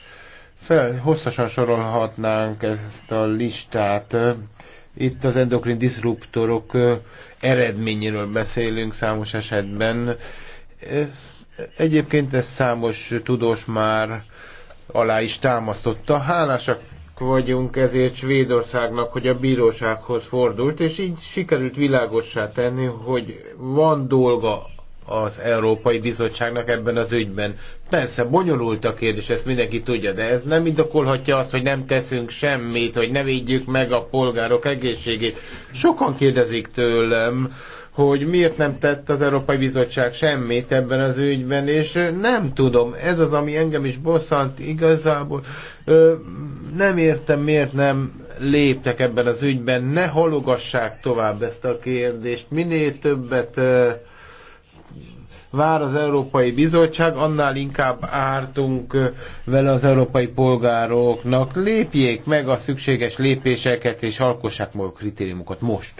fel, hosszasan sorolhatnánk ezt a listát. Itt az endokrin diszruptorok eredményéről beszélünk számos esetben. Egyébként ezt számos tudós már alá is támasztotta. Hálásak vagyunk ezért Svédországnak, hogy a bírósághoz fordult, és így sikerült világossá tenni, hogy van dolga az Európai Bizottságnak ebben az ügyben. Persze, bonyolult a kérdés, ezt mindenki tudja, de ez nem indokolhatja azt, hogy nem teszünk semmit, hogy ne védjük meg a polgárok egészségét. Sokan kérdezik tőlem, hogy miért nem tett az Európai Bizottság semmit ebben az ügyben, és nem tudom, ez az, ami engem is bosszant igazából. Nem értem, miért nem léptek ebben az ügyben, ne halogassák tovább ezt a kérdést, minél többet vár az Európai Bizottság, annál inkább ártunk vele az európai polgároknak. Lépjék meg a szükséges lépéseket, és alkossák meg a kritériumokat most.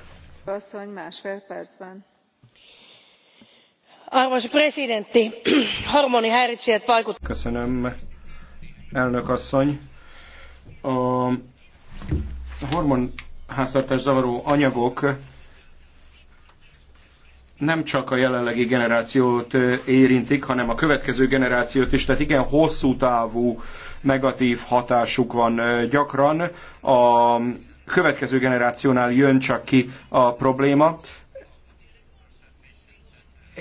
Asszony, másfél percben presidenti, harmoni hormonihäiritsijät vaikuttavat. Köszönöm, elnök asszony. A hormonháztartás zavaró anyagok nem csak a jelenlegi generációt érintik, hanem a következő generációt is, tehát igen hosszú távú negatív hatásuk van gyakran. A következő generációnál jön csak ki a probléma,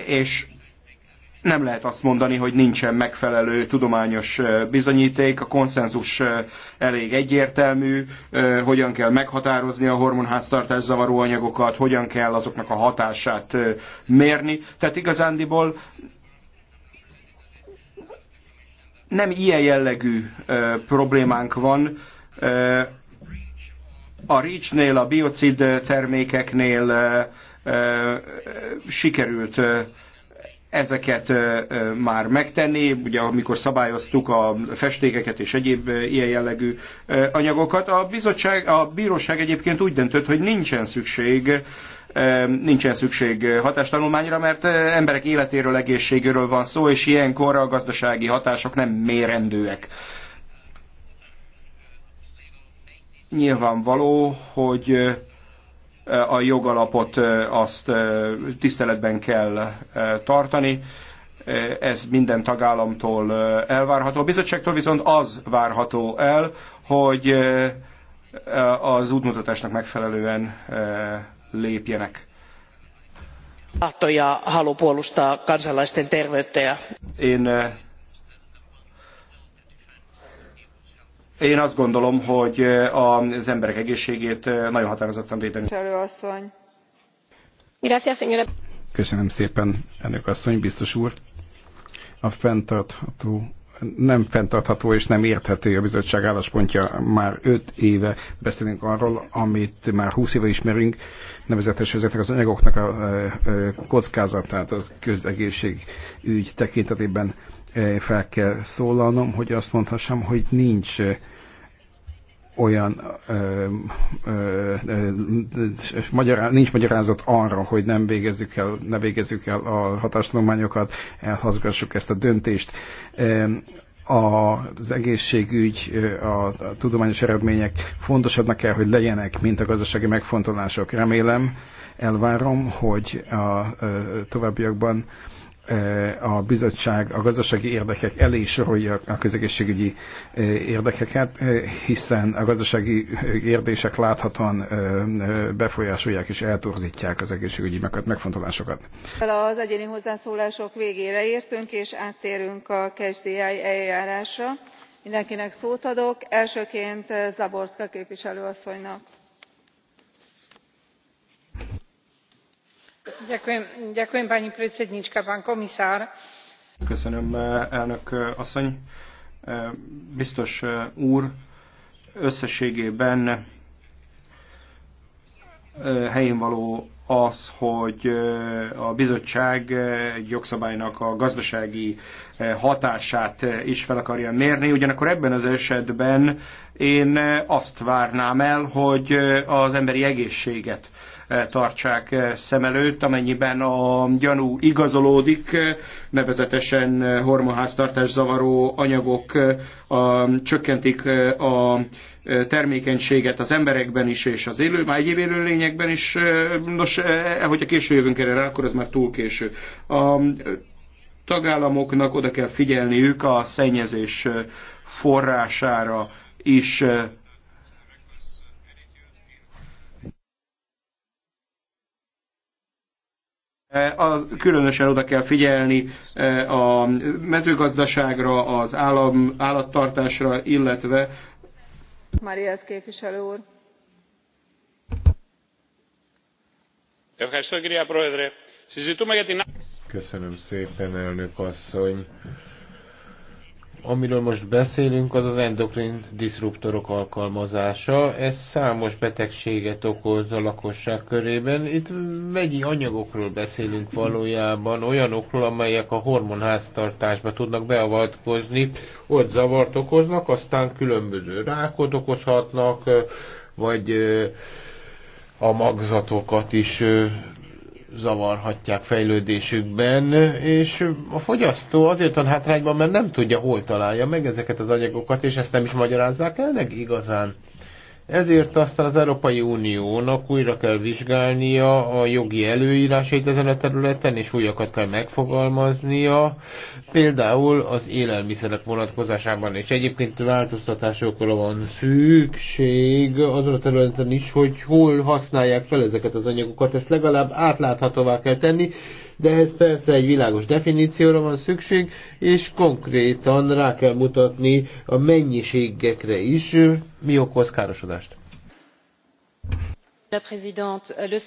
és nem lehet azt mondani, hogy nincsen megfelelő tudományos bizonyíték, a konszenzus elég egyértelmű, hogyan kell meghatározni a hormonháztartás zavaró anyagokat, hogyan kell azoknak a hatását mérni. Tehát igazándiból nem ilyen jellegű problémánk van, a REACH-nél, a biocid termékeknél sikerült ezeket már megtenni, ugye amikor szabályoztuk a festékeket és egyéb ilyen jellegű anyagokat. A, bizottság, a bíróság egyébként úgy döntött, hogy nincsen szükség nincsen szükség hatástanulmányra, mert emberek életéről, egészségéről van szó, és ilyenkor a gazdasági hatások nem mérendőek. Nyilvánvaló, hogy a jogalapot azt tiszteletben kell tartani. Ez minden tagállamtól elvárható. A bizottságtól viszont az várható el, hogy az útmutatásnak megfelelően lépjenek. tahtoja halu puolustaa kansalaisten terveyttä Én Én azt gondolom, hogy az emberek egészségét nagyon határozottan védeni. Köszönöm szépen, elnök asszony, biztos úr. A fenntartható nem fenntartható és nem érthető a bizottság álláspontja. Már 5 éve beszélünk arról, amit már 20 éve ismerünk, nevezetesen ezeknek az anyagoknak a kockázatát az közegészségügy tekintetében fel kell szólalnom, hogy azt mondhassam, hogy nincs olyan ö, ö, ö, magyar, nincs magyarázat arra, hogy nem végezzük el, ne végezzük el a hatástanulmányokat, elhazgassuk ezt a döntést. Az egészségügy, a tudományos eredmények fontosabbnak kell, hogy legyenek, mint a gazdasági megfontolások. Remélem, elvárom, hogy a továbbiakban a bizottság a gazdasági érdekek elé sorolja a közegészségügyi érdekeket, hiszen a gazdasági érdések láthatóan befolyásolják és eltorzítják az egészségügyi megfontolásokat. Az egyéni hozzászólások végére értünk, és áttérünk a KSDI eljárásra. Mindenkinek szót adok. Elsőként Zaborszka képviselő asszonynak. Köszönöm, e, Biztos e, úr, összességében e, helyénvaló az, hogy a bizottság egy jogszabálynak a gazdasági hatását is fel akarja mérni. Ugyanakkor ebben az esetben én azt várnám el, hogy az emberi egészséget tartsák eh, szem előtt, amennyiben a gyanú igazolódik, eh, nevezetesen eh, hormonháztartás zavaró anyagok a, csökkentik a termékenységet az emberekben is, és az élő, már egyéb élőlényekben is. Nos, hogyha késő jövünk erre rá, akkor ez már túl késő. A tagállamoknak oda kell figyelniük a szennyezés forrására is Eh, az, különösen oda kell figyelni eh, a mezőgazdaságra, az állam, állattartásra, illetve... Marias képviselő úr. Köszönöm szépen, elnök asszony amiről most beszélünk, az az endokrin diszruptorok alkalmazása. Ez számos betegséget okoz a lakosság körében. Itt vegyi anyagokról beszélünk valójában, olyanokról, amelyek a hormonháztartásba tudnak beavatkozni, ott zavart okoznak, aztán különböző rákot okozhatnak, vagy a magzatokat is zavarhatják fejlődésükben, és a fogyasztó azért van hátrányban, mert nem tudja, hol találja meg ezeket az anyagokat, és ezt nem is magyarázzák el meg igazán. Ezért aztán az Európai Uniónak újra kell vizsgálnia a jogi előírásait ezen a területen, és újakat kell megfogalmaznia, például az élelmiszerek vonatkozásában, és egyébként változtatásokra van szükség azon a területen is, hogy hol használják fel ezeket az anyagokat, ezt legalább átláthatóvá kell tenni, de ehhez persze egy világos definícióra van szükség, és konkrétan rá kell mutatni a mennyiségekre is, mi okoz károsodást. Euh,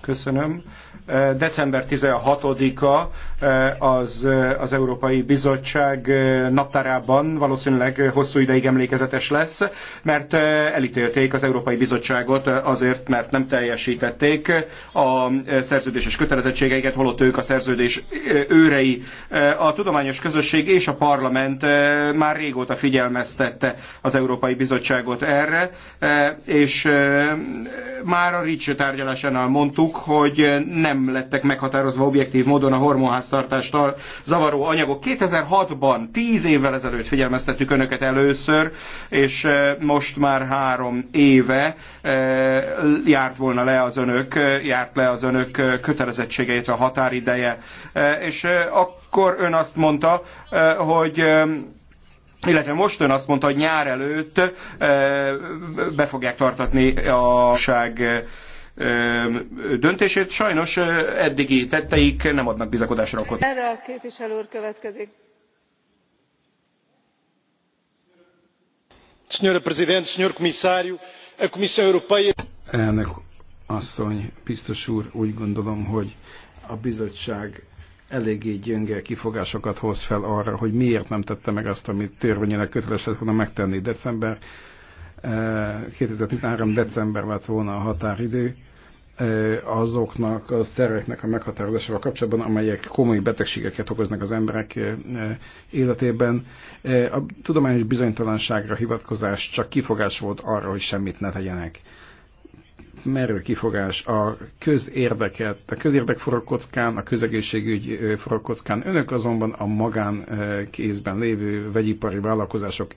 Köszönöm. Eh, december 16-a eh, az, eh, az Európai Bizottság naptárában valószínűleg hosszú ideig emlékezetes lesz, mert elítélték az Európai Bizottságot azért, mert nem teljesítették a szerződéses kötelezettségeiket, holott ők a szerződés őrei. A tudományos közösség és a parlament már régóta figyelmeztette az Európai Bizottságot erre, és már a RICS tárgyalásánál mondtuk, hogy nem lettek meghatározva objektív módon a hormonháztartást zavaró anyagok. 2006-ban, 10 évvel ezelőtt figyelmeztettük önöket először, és eh, most már három éve eh, járt volna le az önök, eh, járt le az önök kötelezettségeit a határideje. És akkor ön azt mondta, hogy illetve most ön azt mondta, hogy nyár előtt be fogják tartatni a ság döntését. Sajnos eddigi tetteik nem adnak bizakodásra okot. Erre a képviselő úr következik. Senhora Presidente, Senhor Comissário, a Comissão Europeia... Elnök asszony, biztos úr, úgy gondolom, hogy a bizottság eléggé gyönge kifogásokat hoz fel arra, hogy miért nem tette meg azt, amit törvényének köteles lett volna megtenni. December 2013. Eh, december lett volna a határidő eh, azoknak a szerveknek a meghatározásával kapcsolatban, amelyek komoly betegségeket okoznak az emberek eh, életében. A tudományos bizonytalanságra hivatkozás csak kifogás volt arra, hogy semmit ne tegyenek merő kifogás a közérdeket, a közérdek forog kockán, a közegészségügy forog kockán. Önök azonban a magán kézben lévő vegyipari vállalkozások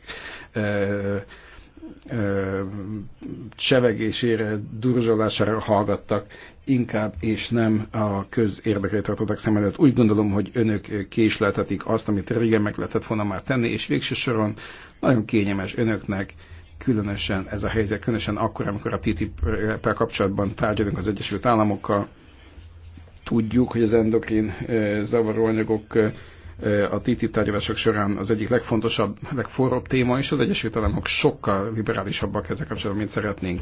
csevegésére, durzsolására hallgattak, inkább és nem a közérdekeit tartottak szem előtt. Úgy gondolom, hogy önök késleltetik azt, amit régen meg lehetett volna már tenni, és végső soron nagyon kényemes önöknek Különösen ez a helyzet, különösen akkor, amikor a TTIP-pel kapcsolatban tárgyalunk az Egyesült Államokkal, tudjuk, hogy az endokrin zavaróanyagok a TTIP tárgyalások során az egyik legfontosabb, legforróbb téma, és az Egyesült Államok sokkal liberálisabbak ezzel kapcsolatban, mint szeretnénk.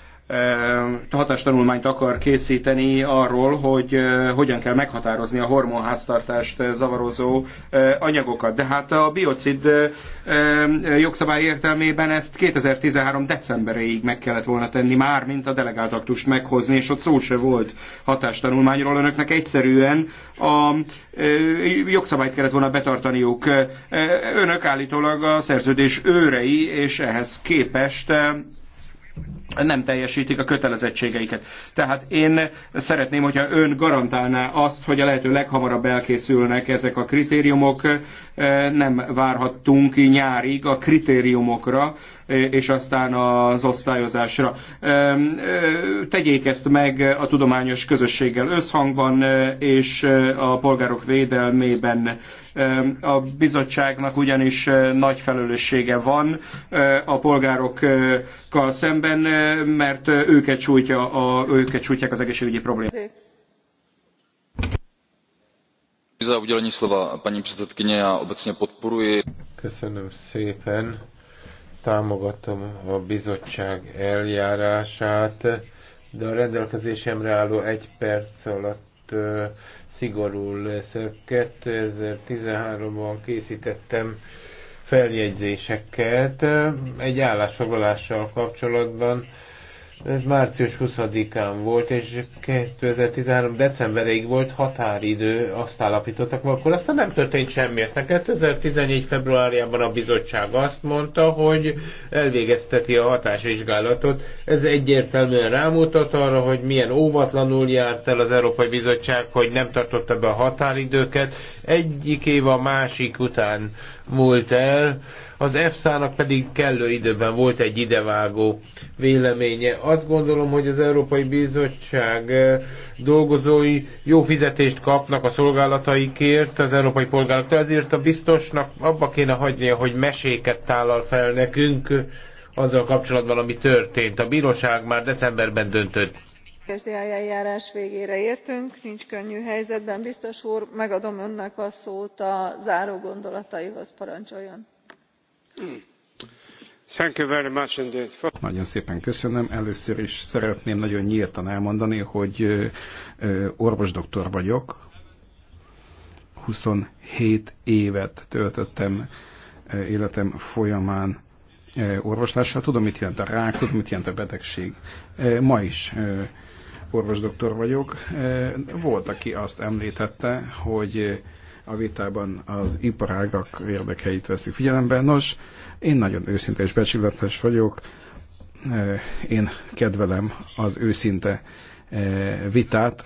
hatástanulmányt akar készíteni arról, hogy hogyan kell meghatározni a hormonháztartást zavarozó anyagokat. De hát a biocid jogszabály értelmében ezt 2013. decemberéig meg kellett volna tenni már, mint a delegált aktust meghozni, és ott szó se volt hatástanulmányról. Önöknek egyszerűen a jogszabályt kellett volna betartaniuk. Önök állítólag a szerződés őrei, és ehhez képest nem teljesítik a kötelezettségeiket. Tehát én szeretném, hogyha ön garantálná azt, hogy a lehető leghamarabb elkészülnek ezek a kritériumok, nem várhattunk nyárig a kritériumokra, és aztán az osztályozásra. Tegyék ezt meg a tudományos közösséggel összhangban és a polgárok védelmében. A bizottságnak ugyanis nagy felelőssége van a polgárokkal szemben, mert őket, sújtja a, őket sújtják az egészségügyi problémák paní předsedající já obecně podporuji. köszönöm szépen támogatom a bizottság eljárását, de a rendelkezésemre álló egy perc alatt szigorú leszek. 2013-ban készítettem feljegyzéseket egy állásfoglalással kapcsolatban, ez március 20-án volt, és 2013. decemberig volt határidő, azt állapítottak meg, akkor aztán nem történt semmi. Aztán 2014. februárjában a bizottság azt mondta, hogy elvégezteti a hatásvizsgálatot. Ez egyértelműen rámutat arra, hogy milyen óvatlanul járt el az Európai Bizottság, hogy nem tartotta be a határidőket. Egyik év a másik után múlt el az EFSA-nak pedig kellő időben volt egy idevágó véleménye. Azt gondolom, hogy az Európai Bizottság eh, dolgozói jó fizetést kapnak a szolgálataikért az európai polgárok. ezért a biztosnak abba kéne hagynia, hogy meséket tálal fel nekünk azzal kapcsolatban, ami történt. A bíróság már decemberben döntött kezdi eljárás végére értünk nincs könnyű helyzetben biztos úr megadom önnek a szót a záró gondolataihoz parancsoljon! Nagyon szépen köszönöm. Először is szeretném nagyon nyíltan elmondani, hogy orvosdoktor vagyok. 27 évet töltöttem életem folyamán orvoslással. Tudom, mit jelent a rák, tudom, mit jelent a betegség. Ma is orvosdoktor vagyok. Volt, aki azt említette, hogy a vitában az iparágak érdekeit veszik figyelembe. Nos, én nagyon őszinte és becsületes vagyok, e, én kedvelem az őszinte e, vitát,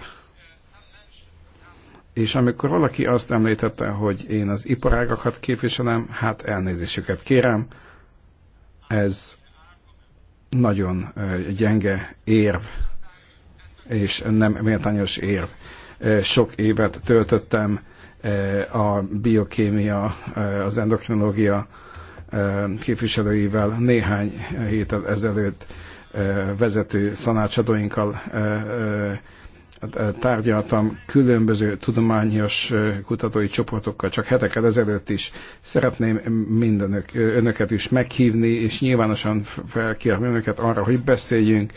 és amikor valaki azt említette, hogy én az iparágakat képviselem, hát elnézésüket kérem, ez nagyon e, gyenge érv, és nem méltányos érv. Sok évet töltöttem a biokémia, eh, az endokrinológia eh, képviselőivel néhány héttel ezelőtt eh, vezető tanácsadóinkkal tárgyaltam különböző tudományos kutatói csoportokkal csak hetekkel ezelőtt is. Szeretném mindenök, önöket is meghívni, és nyilvánosan felkérni önöket arra, hogy beszéljünk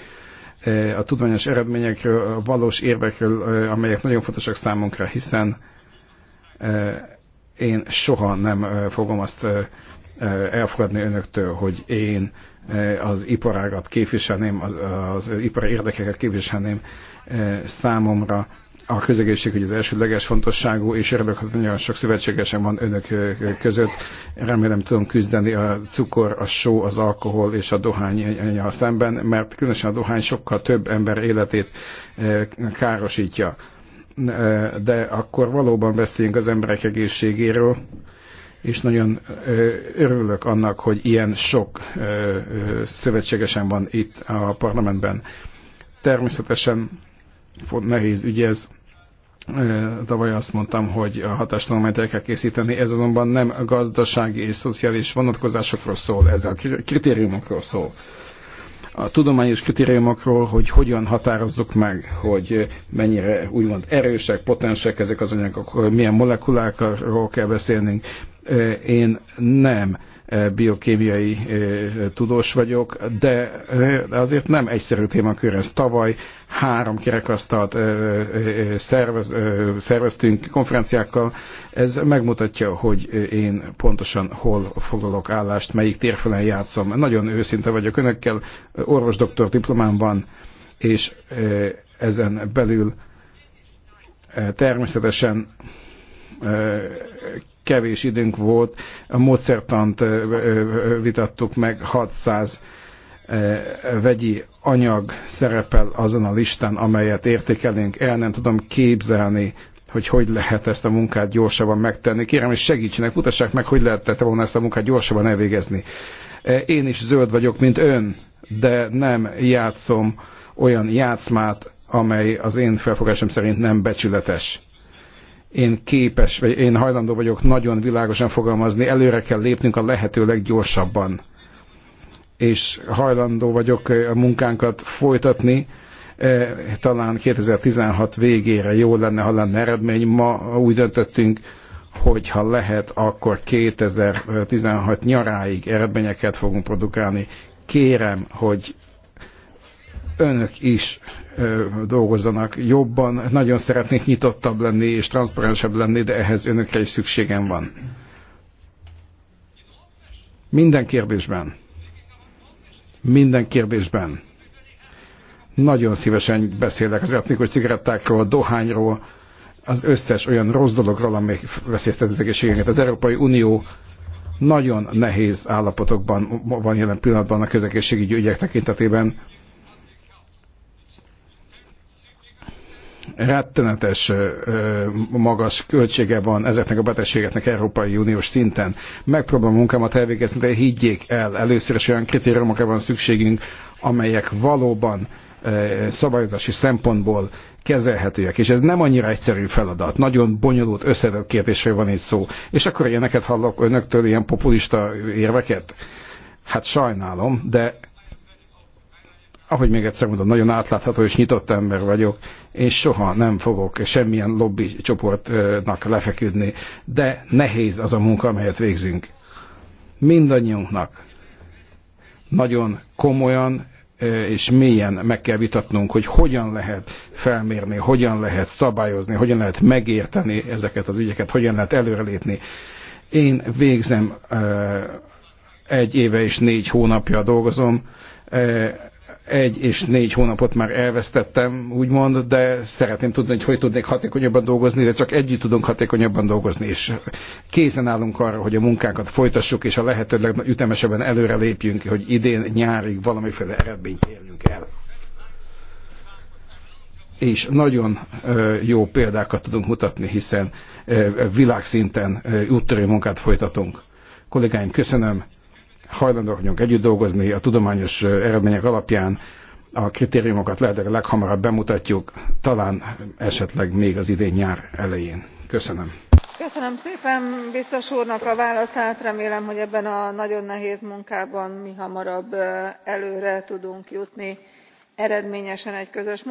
a tudományos eredményekről, a valós érvekről, amelyek nagyon fontosak számunkra, hiszen én soha nem fogom azt elfogadni önöktől, hogy én az iparágat képviselném, az, az ipari érdekeket képviselném számomra. A közegészségügy az elsődleges fontosságú, és hogy nagyon sok szövetségesen van önök között. Remélem tudom küzdeni a cukor, a só, az alkohol és a dohány szemben, mert különösen a dohány sokkal több ember életét károsítja de akkor valóban beszéljünk az emberek egészségéről, és nagyon örülök annak, hogy ilyen sok szövetségesen van itt a parlamentben. Természetesen nehéz ügy ez, tavaly azt mondtam, hogy a hatástanulmányt el kell készíteni, ez azonban nem gazdasági és szociális vonatkozásokról szól, ez a kritériumokról szól a tudományos kritériumokról, hogy hogyan határozzuk meg, hogy mennyire úgymond erősek, potensek ezek az anyagok, milyen molekulákról kell beszélnünk. Én nem Eh, biokémiai eh, tudós vagyok, eh, de azért nem egyszerű témakör ez. Tavaly három kerekasztalt szervez, szerveztünk konferenciákkal. Ez megmutatja, hogy én pontosan hol foglalok állást, melyik térfelen játszom. Nagyon őszinte vagyok önökkel, orvosdoktor diplomám van, és ezen belül természetesen kevés időnk volt, a módszertant vitattuk meg, 600 vegyi anyag szerepel azon a listán, amelyet értékelünk. El nem tudom képzelni, hogy hogy lehet ezt a munkát gyorsabban megtenni. Kérem, hogy segítsenek, mutassák meg, hogy lehetett volna ezt a munkát gyorsabban elvégezni. Én is zöld vagyok, mint ön, de nem játszom olyan játszmát, amely az én felfogásom szerint nem becsületes én képes, vagy én hajlandó vagyok nagyon világosan fogalmazni, előre kell lépnünk a lehető leggyorsabban. És hajlandó vagyok a munkánkat folytatni, talán 2016 végére jó lenne, ha lenne eredmény. Ma úgy döntöttünk, hogy ha lehet, akkor 2016 nyaráig eredményeket fogunk produkálni. Kérem, hogy önök is dolgozzanak jobban. Nagyon szeretnék nyitottabb lenni és transzparensebb lenni, de ehhez önökre is szükségem van. Minden kérdésben. Minden kérdésben. Nagyon szívesen beszélek az etnikus cigarettákról, dohányról, az összes olyan rossz dologról, amely veszélyeztet az egészségeket. Az Európai Unió nagyon nehéz állapotokban van jelen pillanatban a közegészségügyi ügyek tekintetében. rettenetes magas költsége van ezeknek a betegségeknek Európai Uniós szinten. Megpróbálom munkámat elvégezni, de higgyék el, először is olyan kritériumokra van szükségünk, amelyek valóban szabályozási szempontból kezelhetőek. És ez nem annyira egyszerű feladat. Nagyon bonyolult, összetett kérdésre van itt szó. És akkor ilyeneket hallok önöktől, ilyen populista érveket? Hát sajnálom, de ahogy még egyszer mondom, nagyon átlátható és nyitott ember vagyok, és soha nem fogok semmilyen lobby csoportnak lefeküdni, de nehéz az a munka, amelyet végzünk. Mindannyiunknak nagyon komolyan és mélyen meg kell vitatnunk, hogy hogyan lehet felmérni, hogyan lehet szabályozni, hogyan lehet megérteni ezeket az ügyeket, hogyan lehet előrelépni. Én végzem egy éve és négy hónapja dolgozom, egy és négy hónapot már elvesztettem, úgymond, de szeretném tudni, hogy hogy tudnék hatékonyabban dolgozni, de csak együtt tudunk hatékonyabban dolgozni, és kézen állunk arra, hogy a munkákat folytassuk, és a lehető ütemesebben előre lépjünk, hogy idén nyárig valamiféle eredményt érjünk el. És nagyon jó példákat tudunk mutatni, hiszen világszinten úttörő munkát folytatunk. Kollégáim, köszönöm hajlandó vagyunk együtt dolgozni a tudományos eredmények alapján, a kritériumokat lehetőleg leghamarabb bemutatjuk, talán esetleg még az idén nyár elején. Köszönöm. Köszönöm szépen biztos úrnak a válaszát. Remélem, hogy ebben a nagyon nehéz munkában mi hamarabb előre tudunk jutni eredményesen egy közös